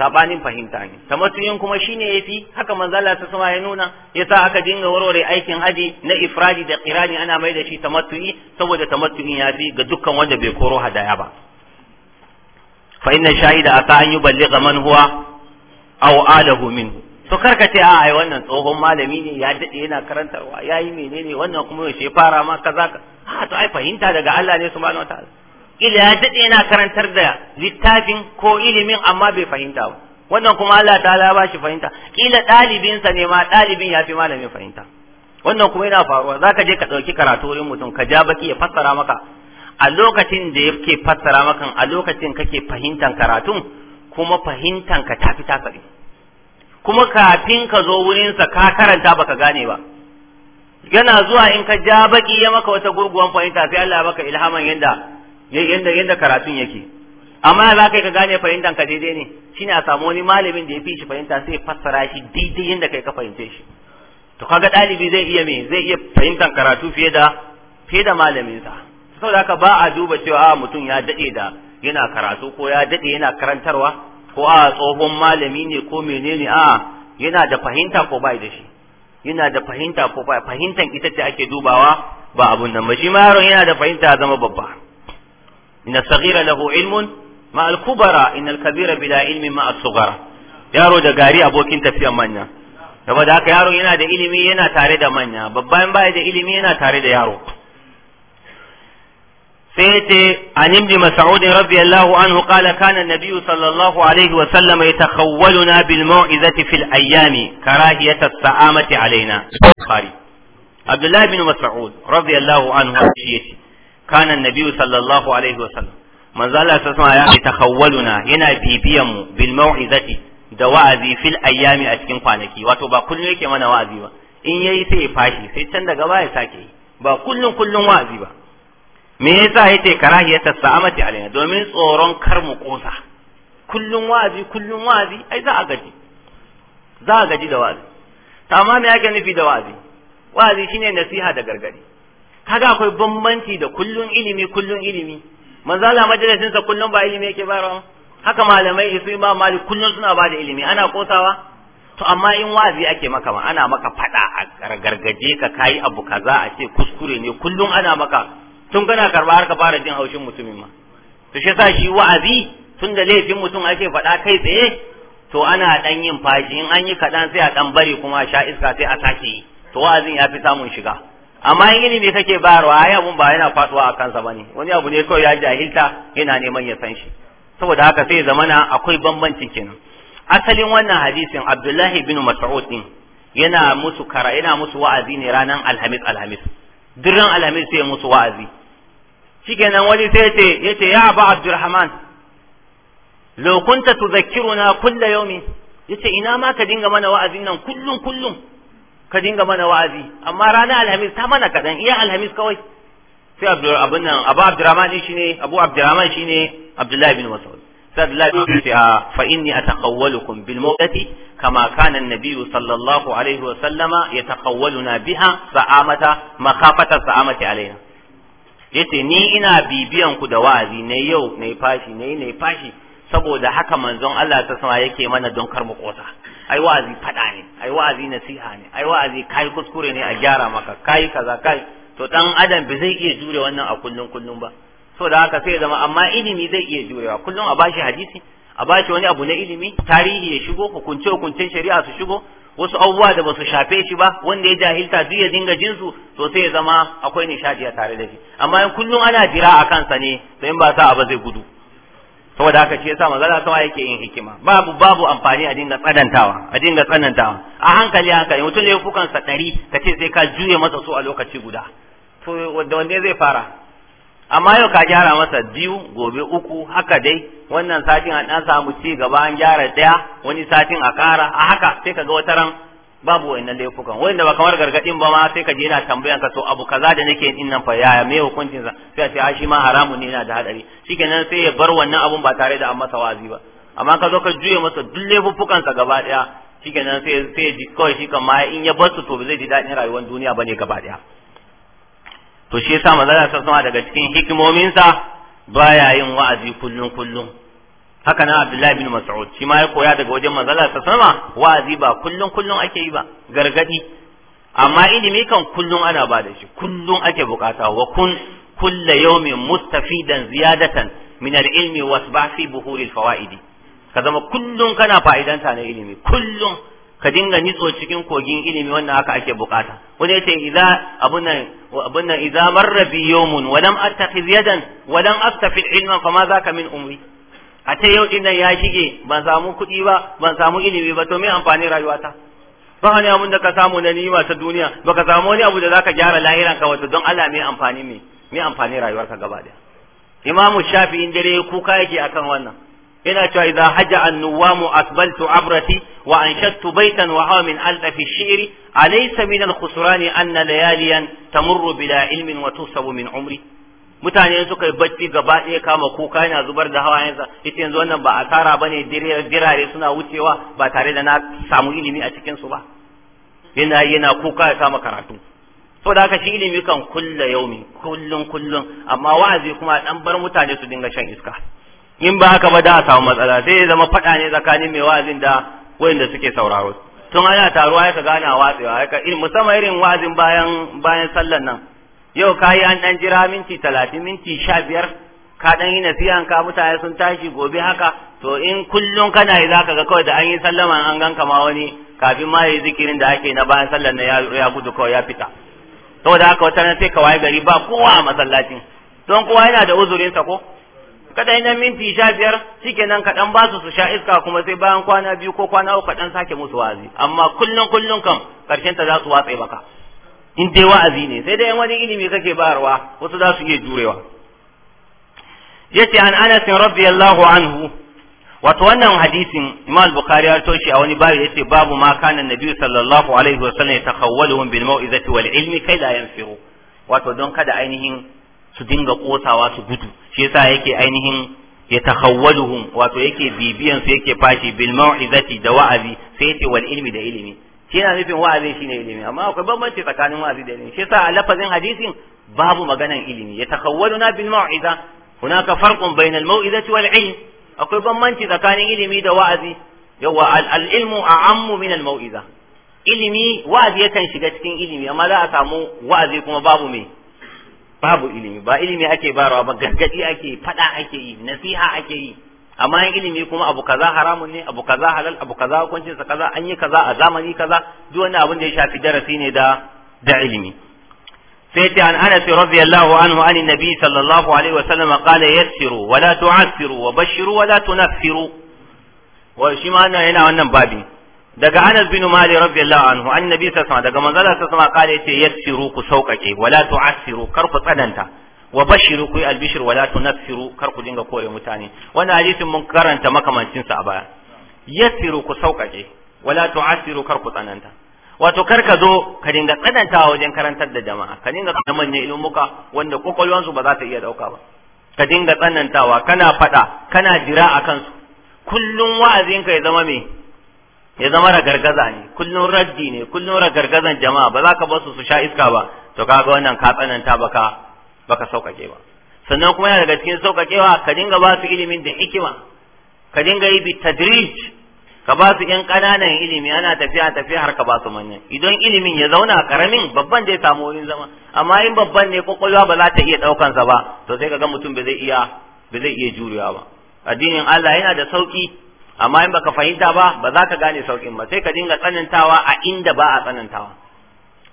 sabanin fahimta ne matsayin kuma shi shine yafi haka manzala ta sama ya nuna ya sa aka dinga warware aikin haji na ifradi da qirani ana mai da shi tamattu'i saboda tamattu'in yafi ga dukkan wanda bai koro hadaya ba fa inna shahida aka an yuballigha man huwa aw alahu minhu to karka ce a ai wannan tsohon malami ne ya dade yana karantarwa yayi menene wannan kuma yaushe fara ma kaza ka a to ai fahimta daga Allah ne subhanahu wataala ila ya daɗe yana karantar da littafin ko ilimin amma bai fahimta ba wannan kuma Allah ta'ala ba shi fahimta kila ɗalibinsa ne ma ɗalibin ya fi malamin fahimta wannan kuma yana faruwa za ka je ka ɗauki karatu wurin mutum ka ja baki ya fassara maka a lokacin da yake fassara maka a lokacin kake fahimtan karatu kuma fahimtan ka tafi tasari kuma kafin ka zo wurinsa ka karanta baka gane ba yana zuwa in ka ja baki ya maka wata gurguwan fahimta sai Allah baka maka ilhaman yadda yadda yadda karatun yake amma za kai ka gane fahimtar ka daidai ne shine a samu wani malamin da ya fi shi fahimta sai fassara shi daidai yadda kai ka fahimce shi to kaga ɗalibi zai iya me zai iya fahimtan karatu fiye da fiye da malamin sa saboda haka ba a duba cewa ah, mutum ya dade da yana karatu ko ya daɗe yana karantarwa ko a ah, tsohon malami ne ko menene a ah, yana da fahimta ko bai da shi yana da fahimta ko bai fahimtan ita ce ake dubawa ba abun nan ba shi ma yaron yana da fahimta ya zama babba inna saghira lahu ilmun ma al-kubara inna kabira bila ilmin ma as-sughara yaro da gari abokin tafiyan manya saboda haka yaro yana da ilimi yana tare da manya babban baya da ilimi yana tare da yaro سيتي عن ابن مسعود رضي الله عنه قال كان النبي صلى الله عليه وسلم يتخولنا بالموعظة في الأيام كراهية السآمة علينا البخاري عبد الله بن مسعود رضي الله عنه وسيتي kana nabiyyu sallallahu alaihi wasallam manzo Allah ta sama ya takhawwaluna yana bibiyan mu bil da wa'azi fil a cikin kwanaki wato ba kullun yake mana wa'azi ba in yayi sai ya fashi sai can daga baya sake yi ba kullun kullun wa'azi ba me yasa yace karahiyata sa'amati alaina domin tsoron kar mu kosa kullun wa'azi kullun wa'azi ai za a gaji za a gaji da wa'azi ta amma me yake nufi da wa'azi wa'azi shine nasiha da gargadi kaga akwai bambanci da kullun ilimi kullun ilimi manzo Allah majalisin sa kullun ba ilimi yake bayarwa haka malamai su ba mali kullun suna ba da ilimi ana kosawa to amma in wazi ake maka ma ana maka fada a gargaje ka kai abu kaza a ce kuskure ne kullun ana maka tun kana karba har ka fara jin haushin mutumin ma to shi yasa shi wa'azi tun da laifin mutum ake faɗa kai tsaye to ana dan yin fashi in an yi kaɗan sai a dan bari kuma sha iska sai a sake yi to wa'azin ya fi samun shiga amma in ne kake bayarwa ai abun ba yana faduwa a sa bane wani abu ne kawai ya jahilta yana neman ya san shi saboda haka sai zamana akwai bambancin kenan asalin wannan hadisin Abdullahi bin Mas'ud din yana musu kara yana musu wa'azi ne ranan Alhamis Alhamis dirran Alhamis sai musu wa'azi shikenan wani sai yace yace ya Abu Abdurrahman lo kunta tudhakkiruna kulla yawmi yace ina ma ka dinga mana wa'azin nan kullun kullun ka dinga mana wa'azi amma ranar alhamis ta mana kaɗan iya alhamis kawai sai abin nan abu abdurrahman shi ne abu abdurrahman shi ne abdullahi bin mas'ud sai abdullahi bin mas'ud ya fa inni ataqawwalukum bil mawdati kama kana an-nabiy sallallahu alaihi wa sallama yataqawwaluna biha sa'amata makafata sa'amati alaina yace ni ina bibiyan ku da wa'azi ne yau ne fashi ne ne fashi saboda haka manzon Allah ta sama yake mana don kar mu kosa ai wa'azi faɗa ne ai wa'azi nasiha ne ai wa'azi kai kuskure ne a gyara maka kai kaza kai to dan adam bai zai iya jure wannan a kullun kullun ba so da haka sai zama amma ilimi zai iya jurewa kullun a bashi hadisi a bashi wani abu na ilimi tarihi ya shigo hukunce hukuncen shari'a su shigo wasu abubuwa da basu shafe shi ba wanda ya jahilta duk ya dinga jin su to sai ya zama akwai nishadi a tare da shi amma in kullun ana jira a kansa ne to in ba sa ba zai gudu saboda haka shi yasa manzala sama yake yin hikima babu babu amfani a dinga tsanantawa a dinga tsanantawa a hankali hankali mutum ne fukan sa ɗari ka ce sai ka juye masa su a lokaci guda to wanda wanne zai fara amma yau ka gyara masa biyu gobe uku haka dai wannan satin a ɗan samu ci gaba an gyara daya wani satin a ƙara a haka sai ka ga wata ran babu wayannan laifukan wanda ba kamar gargadin ba ma sai ka je yana tambayan ka to abu kaza da nake yin nan fa yaya me hukuncin sa sai a ce a shi ma haramun ne yana da hadari shikenan sai ya bar wannan abun ba tare da an masa wazi ba amma ka zo ka juye masa duk laifukan sa gaba daya shikenan sai sai ji kawai shi kan ma in ya bar su to ba zai ji dadin rayuwar duniya bane gaba daya to shi yasa manzon Allah sallallahu daga cikin hikimomin sa baya yin wa'azi kullun kullun haka na Abdullahi bin Mas'ud shi ma ya koya daga wajen manzala ta sama wa'azi ba kullun kullun ake yi ba gargadi amma ilimi kan kullun ana ba da shi kullun ake bukata wa kun kulla yawmin mustafidan ziyadatan min al-ilmi wasbah fi buhuril fawaidi ka zama kullun kana fa'idanta na ilimi kullun ka dinga nitso cikin kogin ilimi wannan haka ake bukata wani yace idza abunan abunan idza marra bi yawmun wa lam attakhiz yadan wa lam astafi ilman zaka min umri a ce yau din nan ya shige ban samu kuɗi ba ban samu ilimi ba to me amfani rayuwata ba wani abun da ka samu na ni'ima ta duniya baka samu wani abu da zaka gyara lahiran ka wato don Allah me amfani me me amfani rayuwarka gaba daya imamu shafi'in dare kuka yake akan wannan ina cewa idza haja an-nuwamu asbaltu abrati wa anshattu baitan wa hawa min alf fi shi'ri alaysa min al-khusrani anna layaliyan tamurru bila ilmin wa tusabu min umri mutane suka yi bacci gaba ɗaya kama kuka yana zubar da hawayensa ita yanzu wannan ba asara bane dirare suna wucewa ba tare da na samu ilimi a cikin su ba yana yana kuka ya kama karatu saboda haka shi ilimi kan kulla yaumi kullun kullun amma wa'azi kuma dan bar mutane su dinga shan iska in ba haka ba da a samu matsala sai ya zama faɗa ne tsakanin mai wa'azin da wayanda suke sauraro tun ana taruwa ya ka gane a watsewa ya ka musamman irin wa'azin bayan bayan sallan nan yau ka yi an ɗan jira minti talatin minti sha biyar ka ɗan yi nasihan ka mutane sun tashi gobe haka to in kullum kana yi zaka ga kawai da an yi sallama an gan kama wani kafin ma yi zikirin da ake na bayan sallar na ya gudu kawai ya fita saboda haka wata na sai ka waye gari ba kowa a masallacin don kowa yana da uzurinsa ko kada yi minti sha biyar shikenan ka kaɗan ba su su sha iska kuma sai bayan kwana biyu ko kwana uku ka sake musu wazi amma kullum kullum kam karshen ta za su watsa maka. in dai wa'azi ne sai dai wani ilimi kake bayarwa wasu za su iya jurewa yace an Anas radiyallahu anhu wato wannan hadisin Imam al-Bukhari ya toshi a wani babu yace babu ma kana annabi sallallahu alaihi wasallam yatakhawwaluhum bil mau'izati wal ilmi kai la yanfiru wato don kada ainihin su dinga kosawa su gudu shi yasa yake ainihin yatakhawwaluhum wato yake bibiyan su yake fashi bil mau'izati da wa'azi sai yace wal ilmi da ilimi yana nufin wa'azi shine ilimi amma akwai bambanci tsakanin wa'azi da ilimi shi yasa a lafazin hadisin babu maganan ilimi ya na bil mau'iza hunaka farqun bainal mau'izati wal ilm akwai bambanci tsakanin ilimi da wa'azi yawa al ilmu a'ammu min al mau'iza ilimi wa'azi yakan shiga cikin ilimi amma za a samu wa'azi kuma babu me babu ilimi ba ilimi ake barawa ba gargadi ake fada ake yi nasiha ake yi amma yan ilimi kuma abu kaza haramun ne abu kaza halal abu kaza hukuncin sa kaza an yi kaza a zamani kaza duk wani abin da ya shafi darasi ne da da ilimi sai ta an anas radiyallahu anhu an nabi sallallahu alaihi wasallam qala yassiru wa la tu'assiru wa bashiru wa la tunaffiru wa shi ma yana wannan babi daga anas bin malik radiyallahu anhu an nabi sallallahu daga manzala sallallahu alaihi wasallam qala yace yassiru ku sauƙaƙe wa la tu'assiru kar ku tsananta wa bashiru ku albishir wala tunaffiru kar ku dinga kore mutane wannan hadisin mun karanta makamancin sa a baya yassiru ku sauƙaƙe wala tu'assiru kar ku tsananta wato kar ka zo ka dinga tsanantawa wajen karantar da jama'a ka dinga tsanan manyan ilmuka wanda kokolwansu ba za ta iya dauka ba ka dinga tsanantawa kana fada kana jira a kansu kullun wa'azinka ya zama me ya zama ragargaza ne kullun raddi ne kullun ragargazan jama'a ba za ka bar su su sha iska ba to kaga wannan ka tsananta baka baka sauƙaƙe ba sannan kuma yana daga cikin sauƙaƙewa ka dinga ba su ilimin da hikima ka dinga yi bi tadrij ka ba su yan ƙananan ilimi ana tafiya tafiya har ka ba su manyan idan ilimin ya zauna ƙaramin babban zai samu wurin zama amma in babban ne kwakwalwa ba za ta iya ɗaukansa ba to sai ka ga mutum ba zai iya ba zai iya juriya ba addinin Allah yana da sauƙi amma in baka fahimta ba ba za ka gane sauƙin ba sai ka dinga tsanantawa a inda ba a tsanantawa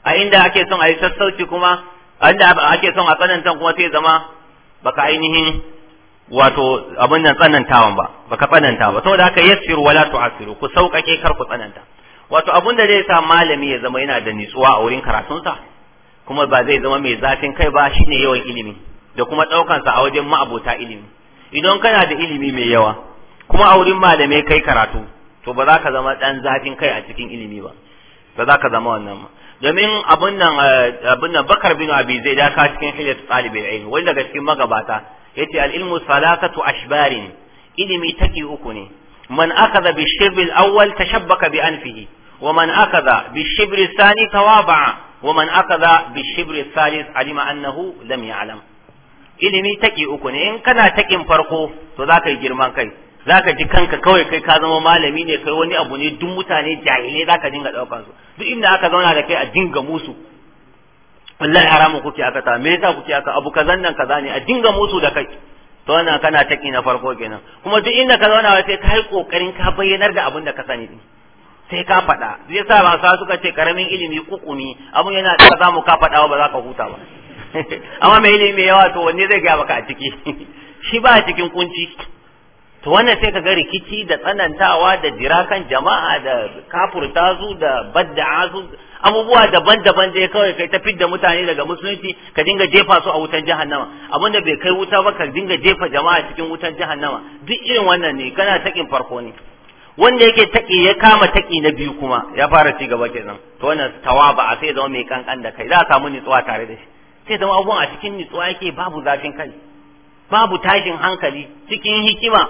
a inda ake son a yi sassauci kuma inda ake son a tsananta kuma sai zama baka ainihin wato abin nan tsanantawan ba baka tsananta ba saboda haka yassiru wala tu'assiru ku sauƙaƙe kar ku tsananta wato abin da zai sa malami ya zama yana da nitsuwa a wurin karatunsa kuma ba zai zama mai zafin kai ba shine yawan ilimi da kuma sa a wajen ma'abota ilimi idan kana da ilimi mai yawa kuma a wurin malamai kai karatu to ba za ka zama ɗan zafin kai a cikin ilimi ba ba za ka zama wannan domin abin nan eh, Abin nan bakar bin abi zai da cikin hilyatu talibul ilm wani daga cikin magabata yace al ilmu salatatu ashbarin ilimi take uku ne man akaza bi shibr awwal tashabbaka bi anfihi wa man akaza bi shibr al thani tawaba wa man akaza bi shibr thalith alima annahu lam ya'lam ilimi take uku ne in kana takin farko to zaka yi girman kai zaka ji kanka kawai kai ka zama malami ne kai wani abu ne duk mutane jahilai zaka dinga daukar su duk inda aka zauna da kai a dinga musu wallahi haramu kuke aka ta me yasa kuke aka abu kazan nan kaza ne a dinga musu da kai to wannan kana taki na farko kenan kuma duk inda ka zauna sai ka yi kokarin ka bayyanar da abin da ka sani din sai ka faɗa zai sa ba sa suka ce karamin ilimi kukumi abun yana da za mu ka faɗa ba za ka huta ba amma mai ilimi yawa to wanne zai gaya baka a ciki shi ba a cikin kunci to wannan sai ka ga rikici da tsanantawa da jira kan jama'a da kafurta su da badda'a su abubuwa daban-daban dai kawai kai ta fidda mutane daga musulunci ka dinga jefa su a wutan jahannama abinda bai kai wuta ba ka dinga jefa jama'a cikin wutan jahannama duk irin wannan ne kana takin farko ne wanda yake taki ya kama taki na biyu kuma ya fara ci gaba kenan to wannan tawaba a sai zama mai kankan da kai za a samu nitsuwa tare da shi sai zama abubuwan a cikin nitsuwa yake babu zafin kai babu tashin hankali cikin hikima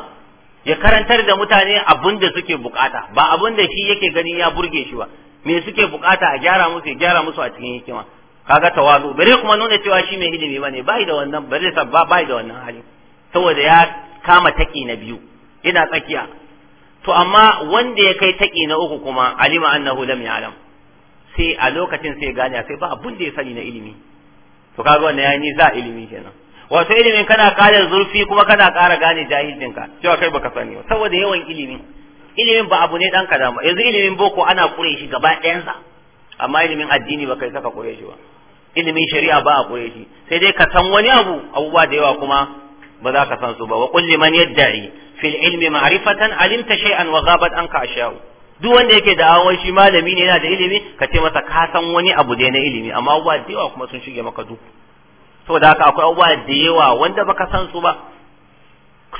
ya karantar da mutane abin da suke bukata ba abin da shi yake gani ya burge shi ba me suke bukata a gyara musu ya gyara musu a cikin hikima kaga tawazu bare kuma nuna cewa shi mai ilimi bane bai da wannan bare sa ba bai da wannan hali saboda ya kama taki na biyu yana tsakiya to amma wanda ya kai taki na uku kuma alima annahu lam ya'lam sai a lokacin sai gane sai ba abun da ya sani na ilimi to kaga wannan yayi nisa ilimi kenan wato ilimin kana kare zurfi kuma kana kara gane ka cewa kai baka sani ba saboda yawan ilimin ilimin ba abu ne dan ka ba yanzu ilimin boko ana kure shi gaba ɗayansa amma ilimin addini ba kai saka kure shi ba ilimin shari'a ba a kure shi sai dai ka san wani abu abubuwa da yawa kuma ba za ka san su ba wa kulli man yaddari fil ilmi ma'rifatan alimta shay'an wa ghabat anka asha'u duk wanda yake da awon shi malami ne yana da ilimi ka ce masa ka san wani abu da na ilimi amma abubuwa da yawa kuma sun shige maka duk saboda haka akwai abubuwa da yawa wanda baka san su ba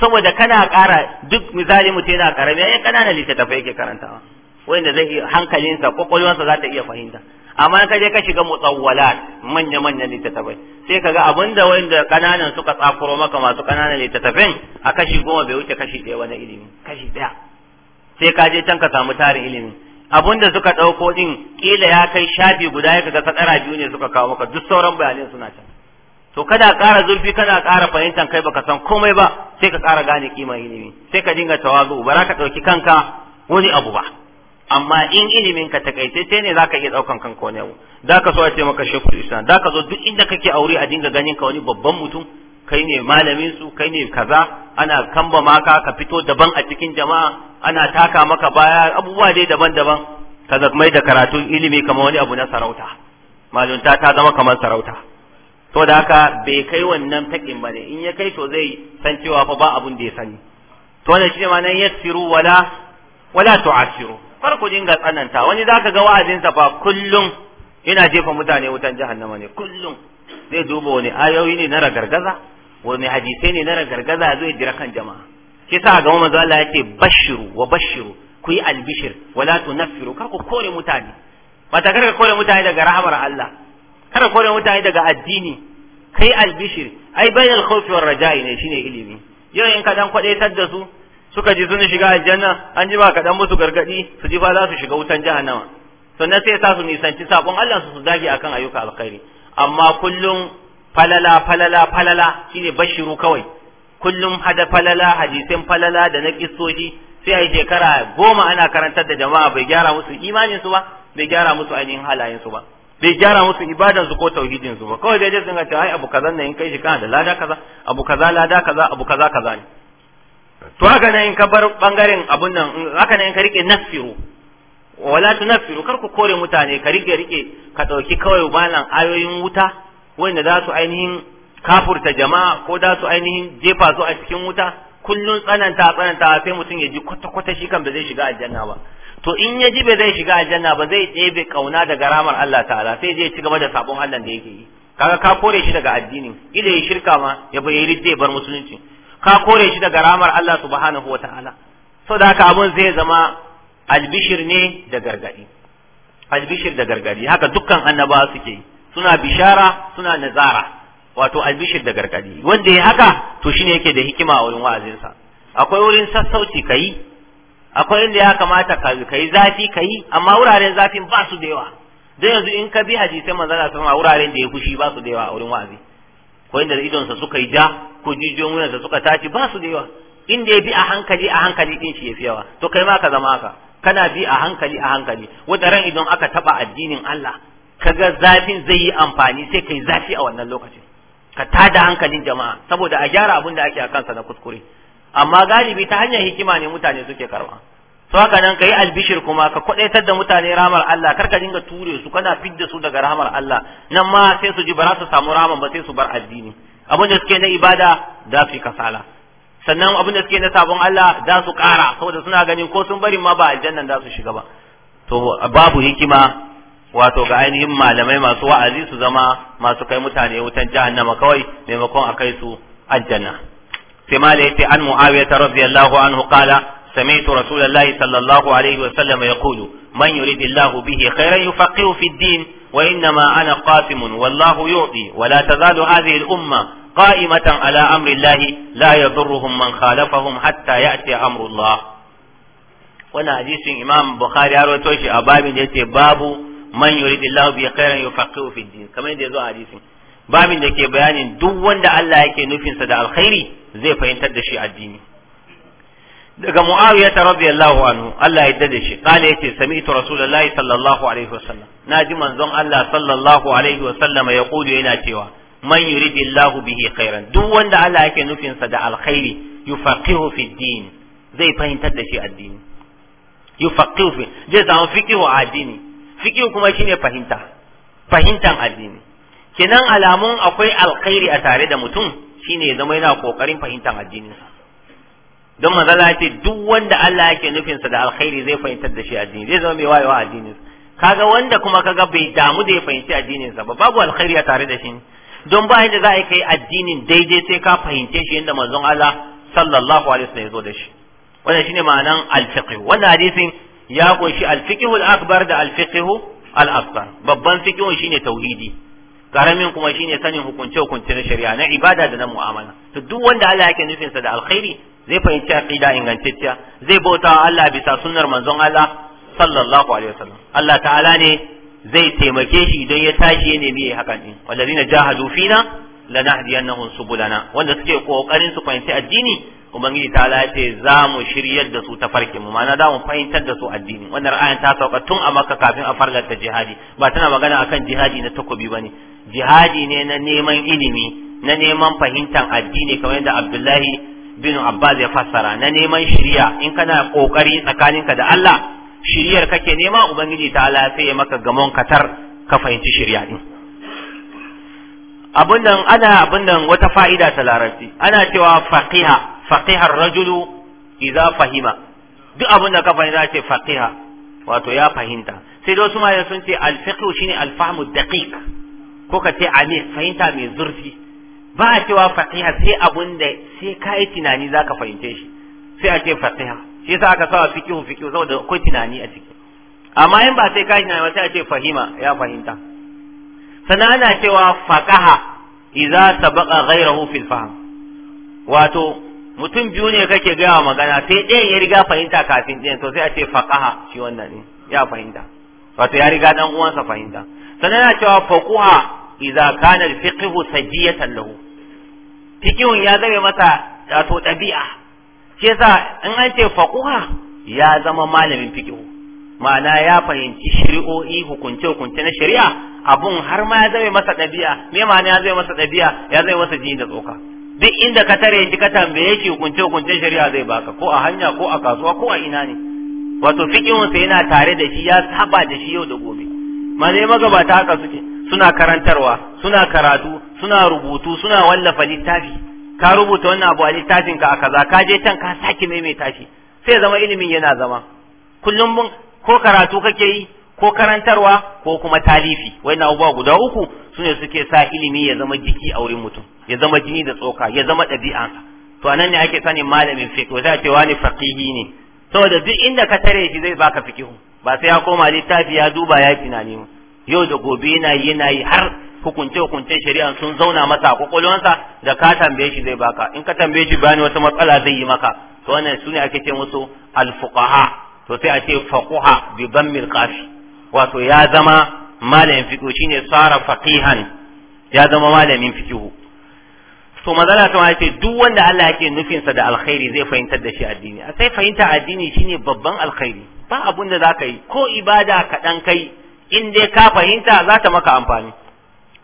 saboda kana ƙara duk misali mutum yana karami ai kanana littattafai yake karantawa wanda zai hankalinsa kwakwalwarsa za ta iya fahimta amma ka je ka shiga mutsawwalat manya-manyan littattafai sai ka ga abin da wanda kananan suka tsakuro maka masu kananan littattafin a kashi goma bai wuce kashi ɗaya wani ilimi kashi ɗaya sai ka je can ka samu tarin ilimi abun da suka ɗauko ɗin kila ya kai shafi guda ya ga tsara biyu ne suka kawo maka duk sauran bayanai suna can to kada ƙara zurfi kada ƙara fahimtar kai baka san komai ba sai ka ƙara gane kima ilimi sai ka dinga tawazu ba za ka ɗauki kanka wani abu ba amma in ilimin ka takaitacce ne za ka iya ɗaukan kanka wani abu da ka so a ce maka shekul islam da ka zo duk inda kake aure a dinga ganin ka wani babban mutum kai ne malamin su kai ne kaza ana kamba maka ka fito daban a cikin jama'a ana taka maka baya abubuwa dai daban-daban ka zama da karatun ilimi kamar wani abu na sarauta malunta ta zama kamar sarauta to da haka bai kai wannan taƙin ba ne in ya kai to zai san cewa fa ba abun da ya sani to da shi ma nan yassiru wala wala tu'asiru kar ku dinga tsananta wani zaka ga wa'azinsa fa kullum ina jefa mutane wutan jahannama ne kullum zai duba wani ayoyi ne na ragargaza wani hadisai ne na ragargaza zai jira kan jama'a shi sa ga manzo Allah yake bashiru wa bashiru ku yi albishir wala tunaffiru kar ku kore mutane ba ta kar ka kore mutane daga rahamar Allah kada kore mutane daga addini kai albishir ai bayan alkhawfi war raja'i ne shine ilimi yau in ka dan kwadaitar da su suka ji sun shiga aljanna an ji ba ka dan musu gargadi su ji fa za su shiga wutan jahannama na sai sa su nisanci sabon Allah su su dage akan ayyuka alkhairi amma kullum falala falala falala shine bashiru kawai kullum hada falala hadisin falala da na kissoji sai a shekara goma ana karantar da jama'a bai gyara musu imaninsu ba bai gyara musu ainihin halayensu ba bai gyara musu ibadar su ko tauhidin su ba kawai dai dai sun ai abu kaza ne in kai shi kana da lada kaza abu kaza lada kaza abu kaza kaza ne to haka ne in ka bar bangaren abun nan haka ne in ka rike nafiru wala tunafiru kar ku kore mutane ka rike rike ka dauki kawai malan ayoyin wuta wanda za su ainihin kafurta jama'a ko za su ainihin jefa su a cikin wuta kullun tsananta tsananta sai mutum ya ji kwata kwata shi kan ba zai shiga aljanna ba to in ya ji ba zai shiga aljanna ba zai ɗebe kauna daga ramar Allah ta'ala sai zai ci gaba da sabon Allah da yake yi kaga ka kore shi daga addinin ida ya shirka ma ya bai ridde bar musulunci ka kore shi daga ramar Allah subhanahu wa ta'ala so da haka abun zai zama albishir ne da gargadi albishir da gargadi haka dukkan annabawa suke yi suna bishara suna nazara wato albishir da gargadi wanda ya haka to shine yake da hikima a wurin wa'azinsa akwai wurin sassauci kai akwai inda ya kamata ka yi zafi ka yi amma wuraren zafin ba su da yawa dan yanzu in ka bi hadisai manzala sun sama wuraren da ya fushi ba su da yawa a wurin wa'azi ko inda idonsa suka yi ja ko jijiyoyin sa suka tashi ba su da yawa inda ya bi a hankali a hankali din shi ya fi yawa to kai ma ka zama haka kana bi a hankali a hankali wata ran idan aka taba addinin Allah kaga zafin zai yi amfani sai kai zafi a wannan lokacin ka tada hankalin jama'a saboda a gyara abin da ake a kansa na kuskure amma galibi ta hanyar hikima ne mutane suke karba to haka nan kai albishir kuma ka kwadaitar da mutane ramar Allah karka dinga ture su kana fidda su daga ramar Allah nan ma sai su ji ba su samu raman ba sai su bar addini abin da suke na ibada za su kasala sannan abin da suke na sabon Allah za su kara saboda suna ganin ko sun bari ma ba aljannan za su shiga ba to babu hikima wato ga ainihin malamai masu wa'azi su zama masu kai mutane wutan jahannama kawai maimakon a kai su aljanna sai mala yace an muawiya radiyallahu anhu qala sami'tu rasulullahi sallallahu alaihi wa sallam yaqulu man yuridillahu bihi khairan yufaqihu fi din wa innama ana qasimun wallahu yu'ti wa la tazalu hadhihi al-umma قائمة على أمر الله لا يضرهم من خالفهم حتى يأتي أمر الله وانا حديث إمام بخاري أروتوشي أبابي ديتي باب من يريد الله به خيرا يفقه في الدين كما يدي حديث babin da ke bayanin duk wanda Allah yake nufinsa da alkhairi zai fahimtar da shi addini daga muawiya ta radiyallahu anhu Allah ya dade shi kale yace sami'tu rasulullahi sallallahu alaihi wasallam naji manzon Allah sallallahu alaihi wasallam ya kudu yana cewa man yuridillahu bihi khairan duk wanda Allah yake nufinsa da alkhairi yufaqihu fi din zai fahimtar da shi addini yufaqihu zai samu fiqihu addini fiqihu kuma shine fahimta fahimtan addini kenan alamun akwai alkhairi a tare da mutum shine ya zama yana kokarin fahimtar addininsa don manzala ce duk wanda Allah yake nufinsa da alkhairi zai fahimtar da shi addini zai zama mai wayewa addininsa kaga wanda kuma kaga bai damu da ya fahimci addininsa ba babu alkhairi a tare da shi don ba yadda za a kai addinin daidai sai ka fahimce shi yadda manzon Allah sallallahu alaihi wasallam ya zo da shi wannan shine ma'anan al wannan hadisin ya kunshi al al-akbar da alfiqihu al-asghar babban fiqh shine tauhidi karamin kuma shine sanin hukunce hukunce na shari'a na ibada da na mu'amala to duk wanda Allah yake nufin sa da alkhairi zai fahimci aqida ingantacciya zai bauta Allah bisa sunnar manzon Allah sallallahu alaihi wasallam Allah ta'ala ne zai taimake shi idan ya tashi ya nemi yayi hakan din wallazina jahadu fina lanahdiyannahum subulana wanda suke kokarin su fahimci addini ubangiji ta'ala ya ce za mu shiryar da su ta farkin mu ma'ana za mu fahimtar da su addini wannan ra'ayin ta sauka tun a maka kafin a farlar da jihadi ba tana magana akan jihadi na takobi bane jihadi ne na neman ilimi na neman fahimtar addini kamar yadda Abdullahi bin Abbas ya fassara na neman shiriya in kana kokari tsakaninka da Allah shiriyar kake nema ubangiji ta Allah sai ya maka gamon katar ka fahimci shiriya din abun nan ana abun nan wata fa'ida ta larabci ana cewa faqiha faqiha rajulu idza fahima duk abun da ka fahimta ce faqiha wato ya fahimta sai da wasu ma sun ce al-fiqh shine al-fahmu daqiq ko ka ce ame fahimta mai zurfi ba a cewa fatiha sai abun da sai ka yi tunani za ka fahimce shi sai a ce fatiha shi yasa aka sawa fikihu fikihu saboda akwai tunani a ciki amma in ba sai ka yi tunani ba sai a ce fahima ya fahimta sannan ana cewa faqaha idza sabaqa ghayrahu fil fahm wato mutum biyu ne kake gaya magana sai ɗayan ya riga fahimta kafin ɗayan to sai a ce faqaha shi wannan ne ya fahimta wato ya riga dan uwansa fahimta sannan ana cewa faquha idza kana alfiqhu sajiyatan lahu fiqhun ya zame masa wato dabi'a shi sa in an ce faquha ya zama malamin fiqhu ma'ana ya fahimci shari'o'i hukunce hukunce na shari'a abun har ma ya zame masa dabi'a me ma'ana ya zame masa dabi'a ya zame masa jini da tsoka duk inda ka tare shi ka tambaye shi hukunce hukunce shari'a zai baka ko a hanya ko a kasuwa ko a ina ne wato fiqhun sai yana tare da shi ya saba da shi yau da gobe ma magabata haka suke suna karantarwa suna karatu suna rubutu suna wallafa littafi ka rubuta wannan abu a littafin ka a kaza ka je can ka sake maimaita shi sai zama ilimin yana zama kullum mun ko karatu kake yi ko karantarwa ko kuma talifi wannan abubuwa guda uku sune suke sa ilimi ya zama jiki a wurin mutum ya zama jini da tsoka ya zama ɗabi'a to anan ne ake sanin malamin fiqh wata ce wani faqihi ne saboda duk inda ka tare shi zai baka fiqh ba sai ya koma littafi ya duba ya tunani yau da gobe yana yi yana yi har hukunce hukunce shari'a sun zauna masa a kwakwalwansa da ka tambaye shi zai baka in ka tambaye shi bani wata matsala zai yi maka to wannan ne ake ce musu alfuqaha to sai a ce faquha bi dammil qaf wato ya zama malamin fiqh shine sara faqihan ya zama malamin fiqh to mazala ta ce duk wanda Allah yake nufinsa da alkhairi zai fahimtar da shi addini a sai fahimta addini shine babban alkhairi ba abun da zaka yi ko ibada kaɗan kai in dai ka fahimta za ta maka amfani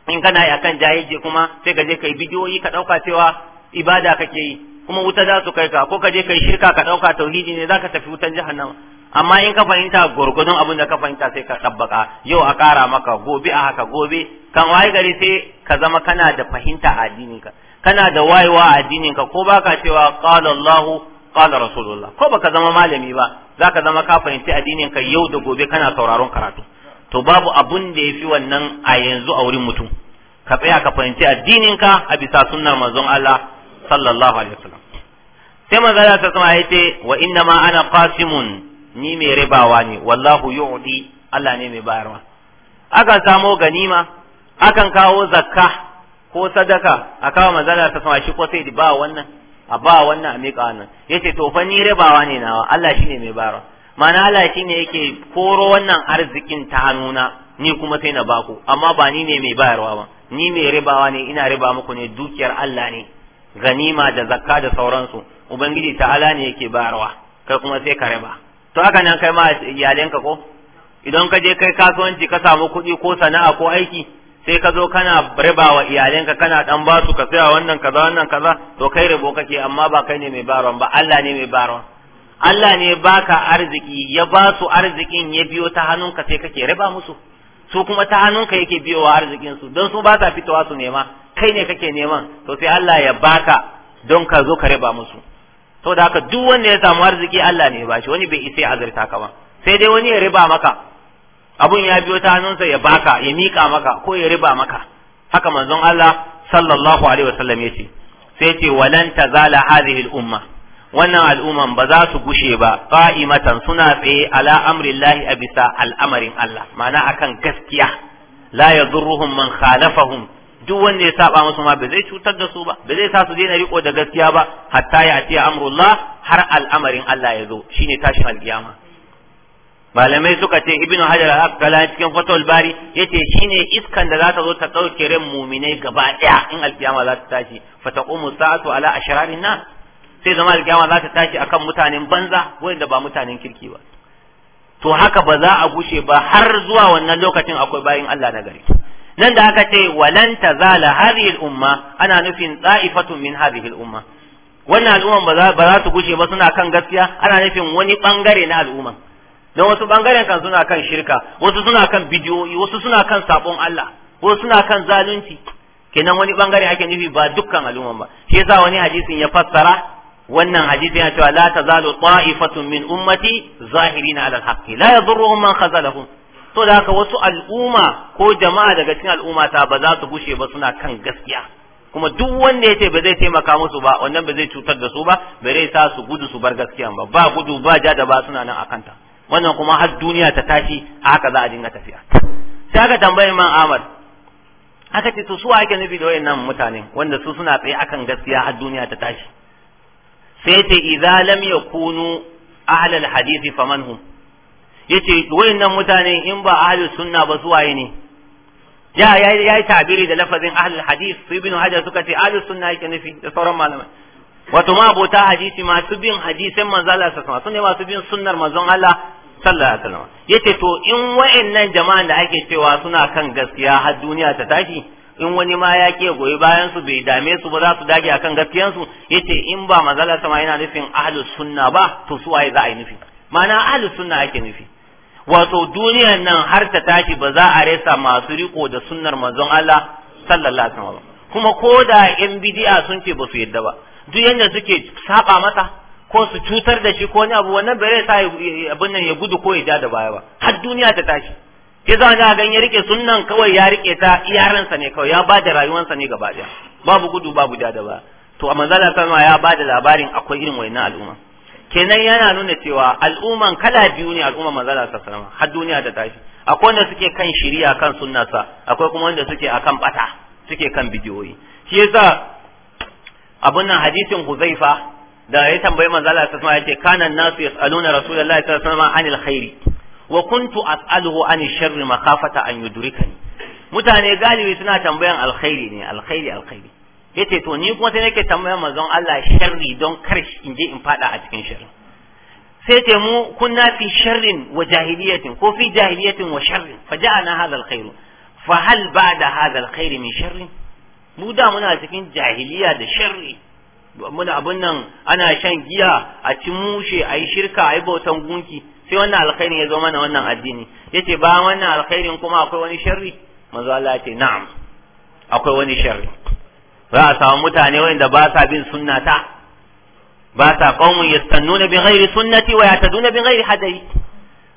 in kana yi akan jahilci kuma sai ka je kai bidiyoyi ka ɗauka cewa ibada kake yi kuma wuta za su kai ka ko ka je kai shirka ka ɗauka tauhidi ne za ka tafi wutan jahannama amma in ka fahimta gurgudun abin da ka fahimta sai ka ɗabbaka yau a ƙara maka gobe a haka gobe kan waye gari sai ka zama kana da fahimta a addinin ka kana da wayewa a addinin ka ko baka cewa qala Allahu qala Rasulullah ko baka zama malami ba zaka zama ka fahimci addinin ka yau da gobe kana sauraron karatu to babu abun da yafi wannan a yanzu a wurin mutum ka tsaya ka fahimci addininka a bisa sunnar manzon Allah sallallahu alaihi wasallam sai manzo Allah ta sama yace wa inna ma ana qasimun ni mai ribawa ne wallahu yu'di Allah ne mai bayarwa akan samo ganima akan kawo zakka ko sadaka a kawo manzon ta sama shi ko sai ba wannan a ba wannan a miƙa wannan yace to fa ni ribawa ne nawa Allah shine mai bayarwa mana Allah shi ne yake koro wannan arzikin ta hannuna ni kuma sai na baku amma ba ni ne mai bayarwa ba ni mai ribawa ne ina riba muku ne dukiyar Allah ne ganima da zakka da sauransu ubangiji ta ta'ala ne yake bayarwa kai kuma sai ka riba to haka nan kai ma iyalenka ko idan ka je kai kasuwanci ka samu kuɗi ko sana'a ko aiki sai ka zo kana riba wa iyalenka kana dan ba su ka saya wannan kaza wannan kaza to kai rabo kake amma ba kai ne mai bayarwa ba Allah ne mai bayarwa Allah ne baka arziki ya ba su arzikin ya biyo ta hannunka sai kake riba musu su kuma ta hannunka yake biyowa arzikin su don su ba sa fitowa su nema kai ne kake neman to sai Allah ya baka don ka zo ka riba musu to da haka duk wanda ya samu arziki Allah ne ya bashi wani bai isa azurta ka ba sai dai wani ya riba maka abun ya biyo ta hannunsa ya baka ya mika maka ko ya riba maka haka manzon Allah sallallahu alaihi wasallam yace sai ce walan tazala hadhihi al-umma wannan al'umman ba za su gushe ba qa'imatan suna tsaye ala amrillahi a bisa al'amarin Allah ma'ana akan gaskiya la yadurruhum man khalafahum duk wanda ya saba musu ma ba zai cutar da su ba ba zai sa su daina riko da gaskiya ba hatta ya atiya amrullah har al'amarin Allah ya zo shine tashin alkiyama malamai suka ce ibnu hajar al-asqalani cikin fatul bari yace shine iskan da za ta zo ta dauke ran mu'minai gaba daya in alkiyama za ta tashi fataqumu sa'atu ala ashrarin nas sai zama alkiyama za ta tashi akan mutanen banza wanda ba mutanen kirki ba to haka ba za a gushe ba har zuwa wannan lokacin akwai bayin Allah na gari nan da aka ce walan tazala hadhihi al-umma ana nufin ta'ifatun min hadhihi al-umma wannan al'umman ba za ba za su gushe ba suna kan gaskiya ana nufin wani bangare na alumma don wasu bangaren kan suna kan shirka wasu suna kan bidiyoyi wasu suna kan sabon Allah wasu suna kan zalunci kenan wani bangare ake nufi ba dukkan al'umman ba shi yasa wani hadisin ya fassara wannan hadisi yana cewa la tazalu ta'ifatun min ummati zahirina ala alhaqi la yadurruhum man khazalahum to da haka wasu al'umma ko jama'a daga cikin al'umma ta ba za su gushe ba suna kan gaskiya kuma duk wanda yace ba zai taimaka musu ba wannan ba zai cutar da su ba bai rai sa su gudu su bar gaskiya ba ba gudu ba ja da ba suna nan akanta wannan kuma har duniya ta tashi haka za a dinga tafiya sai aka tambayi man Amad aka ce to su ake nufi da wayannan mutane wanda su suna tsaye akan gaskiya har duniya ta tashi sai ce idza lam yakunu ahlal hadisi faman hum yace wayannan mutane in ba ahlus sunna ba su waye ne ya ya yi tabiri da lafazin ahlul hadith su ibn hajar suka ce ahlus sunna yake nufi da sauran malamai wato ma abota hadisi masu bin hadisin manzo Allah sallallahu alaihi wasallam masu bin sunnar manzon Allah sallallahu alaihi wasallam yace to in wayannan jama'an da ake cewa suna kan gaskiya har duniya ta tashi in wani ma ya ke goyi bayan su bai dame su ba za su dage akan gaskiyan su yace in ba manzala sama yana nufin ahli sunna ba to su waye za a yi nufi ma'ana ahli sunna ake nufi wato duniya nan har ta tashi ba za a resa masu riko da sunnar manzon Allah sallallahu alaihi wasallam kuma ko da yan bid'a sun ce ba su yadda ba duk yanda suke saba masa ko su cutar da shi ko wani abu wannan bai sa abin nan ya gudu ko ya ja da baya ba har duniya ta tashi ke za ga gan ya rike sunnan kawai ya rike ta iyaransa ne kawai ya ba da rayuwarsa ne gaba daya babu gudu babu da ba to amma zalla sama ya ba da labarin akwai irin wayannan al'umma kenan yana nuna cewa al'umman kala biyu ne al'umman manzala sallallahu alaihi har duniya da tashi akwai wanda suke kan shiriya kan sunnasa akwai kuma wanda suke akan bata suke kan bidiyoyi shi yasa abun nan hadisin Huzaifa da ya tambayi manzala sallallahu alaihi yace kana nasu yasaluna rasulullahi sallallahu alaihi wasallam anil khairi wa kuntu as'aluhu an sharri makhafata an yudrikani mutane galibi suna tambayan alkhairi ne alkhairi alkhairi yace to ni kuma sai nake tambayan manzon Allah sharri don kar in je in fada a cikin sharri sai ce mu kunna fi sharrin wa jahiliyatin ko fi jahiliyatin wa sharrin fa ja'ana hadha alkhairu fa hal ba'da hadha alkhairi min sharrin mu da muna cikin jahiliya da sharri muna abun nan ana shan giya a ci mushe a yi shirka a yi bautan gunki sai wannan alkhairin ya zo mana wannan addini yace ba wannan alkhairin kuma akwai wani sharri manzo Allah yace ce na'am akwai wani sharri za a samu mutane wanda ba sa bin sunnata ba sa qaumun yastannuna bi ghairi sunnati wa yataduna bi ghairi hadai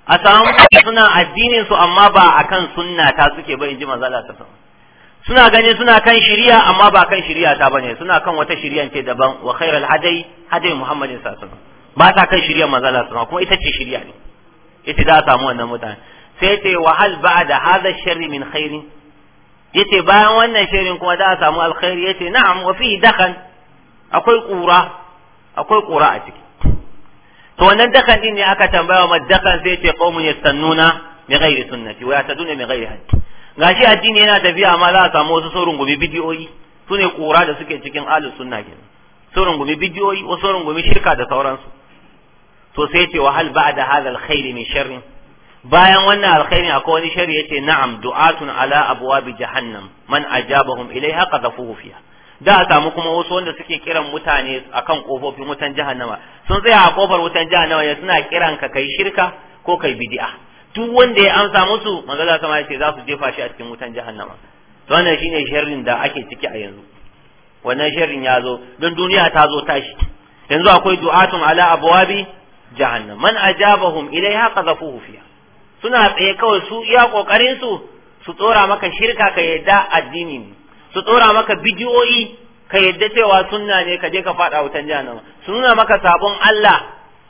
a samu mutane suna addinin su amma ba akan sunnata suke ba inji manzo Allah ta suna gani suna kan shiriya amma ba kan shiriya ta bane suna kan wata shari'a ce daban wa khairal hadai-hadai Muhammadin sallallahu alaihi wasallam ba ta kan shirya manzo Allah kuma ita ce shirya ne yace za a samu wannan mutane sai yace wa hal ba'da hadha sharri min khairin yace bayan wannan shirin kuma da a samu alkhairi yace na'am wa fi dakan akwai kura akwai kura a ciki to wannan dakan din ne aka tambaya ma dakan sai yace qaumun yastannuna bi ghairi sunnati wa yataduna bi ghairi hadi gashi addini yana tafiya amma za a samu wasu saurin gumi bidiyoyi su ne kura da suke cikin ahlus sunna kenan saurin gumi bidiyoyi wasu saurin gumi shirka da sauransu to sai ce wa hal ba'da hadha alkhair min sharri bayan wannan alkhairi akwai wani sharri yace na'am du'atun ala abwabi jahannam man ajabahum ilaiha qadhafuhu fiha da a samu kuma wasu wanda suke kiran mutane akan kofofin wutan jahannama sun tsaya a kofar wutan jahannama ya suna kiran ka kai shirka ko kai bid'a duk wanda ya amsa musu manzo sama yace za su jefa shi a cikin wutan jahannama to wannan shine sharrin da ake ciki a yanzu wannan sharrin ya zo don duniya ta zo tashi yanzu akwai du'atun ala abwabi jahannam man ajabahum ilaiha qadhafuhu fiha suna tsaye kawai su iya kokarin su su tsora maka shirka ka yadda addini ne su tsora maka bidiyoyi ka yadda cewa sunna ne ka je ka fada wutan jahannama su nuna maka sabon Allah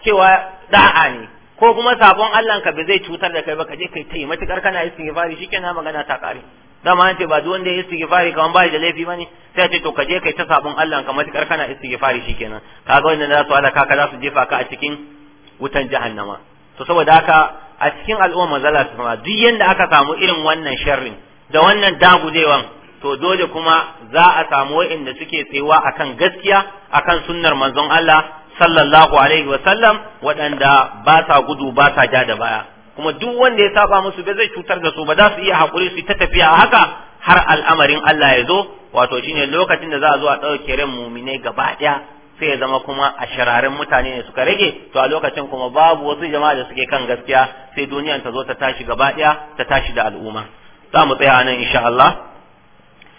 cewa da'a ne ko kuma sabon Allah ka ba zai cutar da kai ba ka je kai tayi matukar kana istighfari shikenan magana ta kare dama an ce ba duk wanda ya istighfari kaman bai da laifi bane sai ce to ka je kai ta sabon Allah ka matukar kana istighfari shikenan kaga wannan za su halaka ka za su jefa ka a cikin wutan jahannama to saboda haka a cikin al'umma manzala su duk yanda aka samu irin wannan sharrin da wannan dagudewan to dole kuma za a samu wa'inda suke tsayuwa akan gaskiya akan sunnar manzon Allah sallallahu alaihi wa sallam waɗanda ba sa gudu ba sa ja da baya kuma duk wanda ya saba musu ba zai cutar da su ba za su iya hakuri su ta tafiya haka har al'amarin Allah ya zo wato shine lokacin da za a zo a ɗauke ran muminai gaba ɗaya sai ya zama kuma a shirarin mutane ne suka rage to a lokacin kuma babu wasu jama'a da suke kan gaskiya sai duniyan ta zo ta tashi gaba ɗaya ta tashi da al'umma za mu tsaya nan insha Allah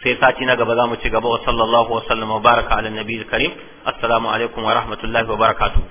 sai sati na gaba za mu ci gaba wa sallallahu wa sallama baraka ala nabiyil karim assalamu alaikum wa rahmatullahi wa barakatuh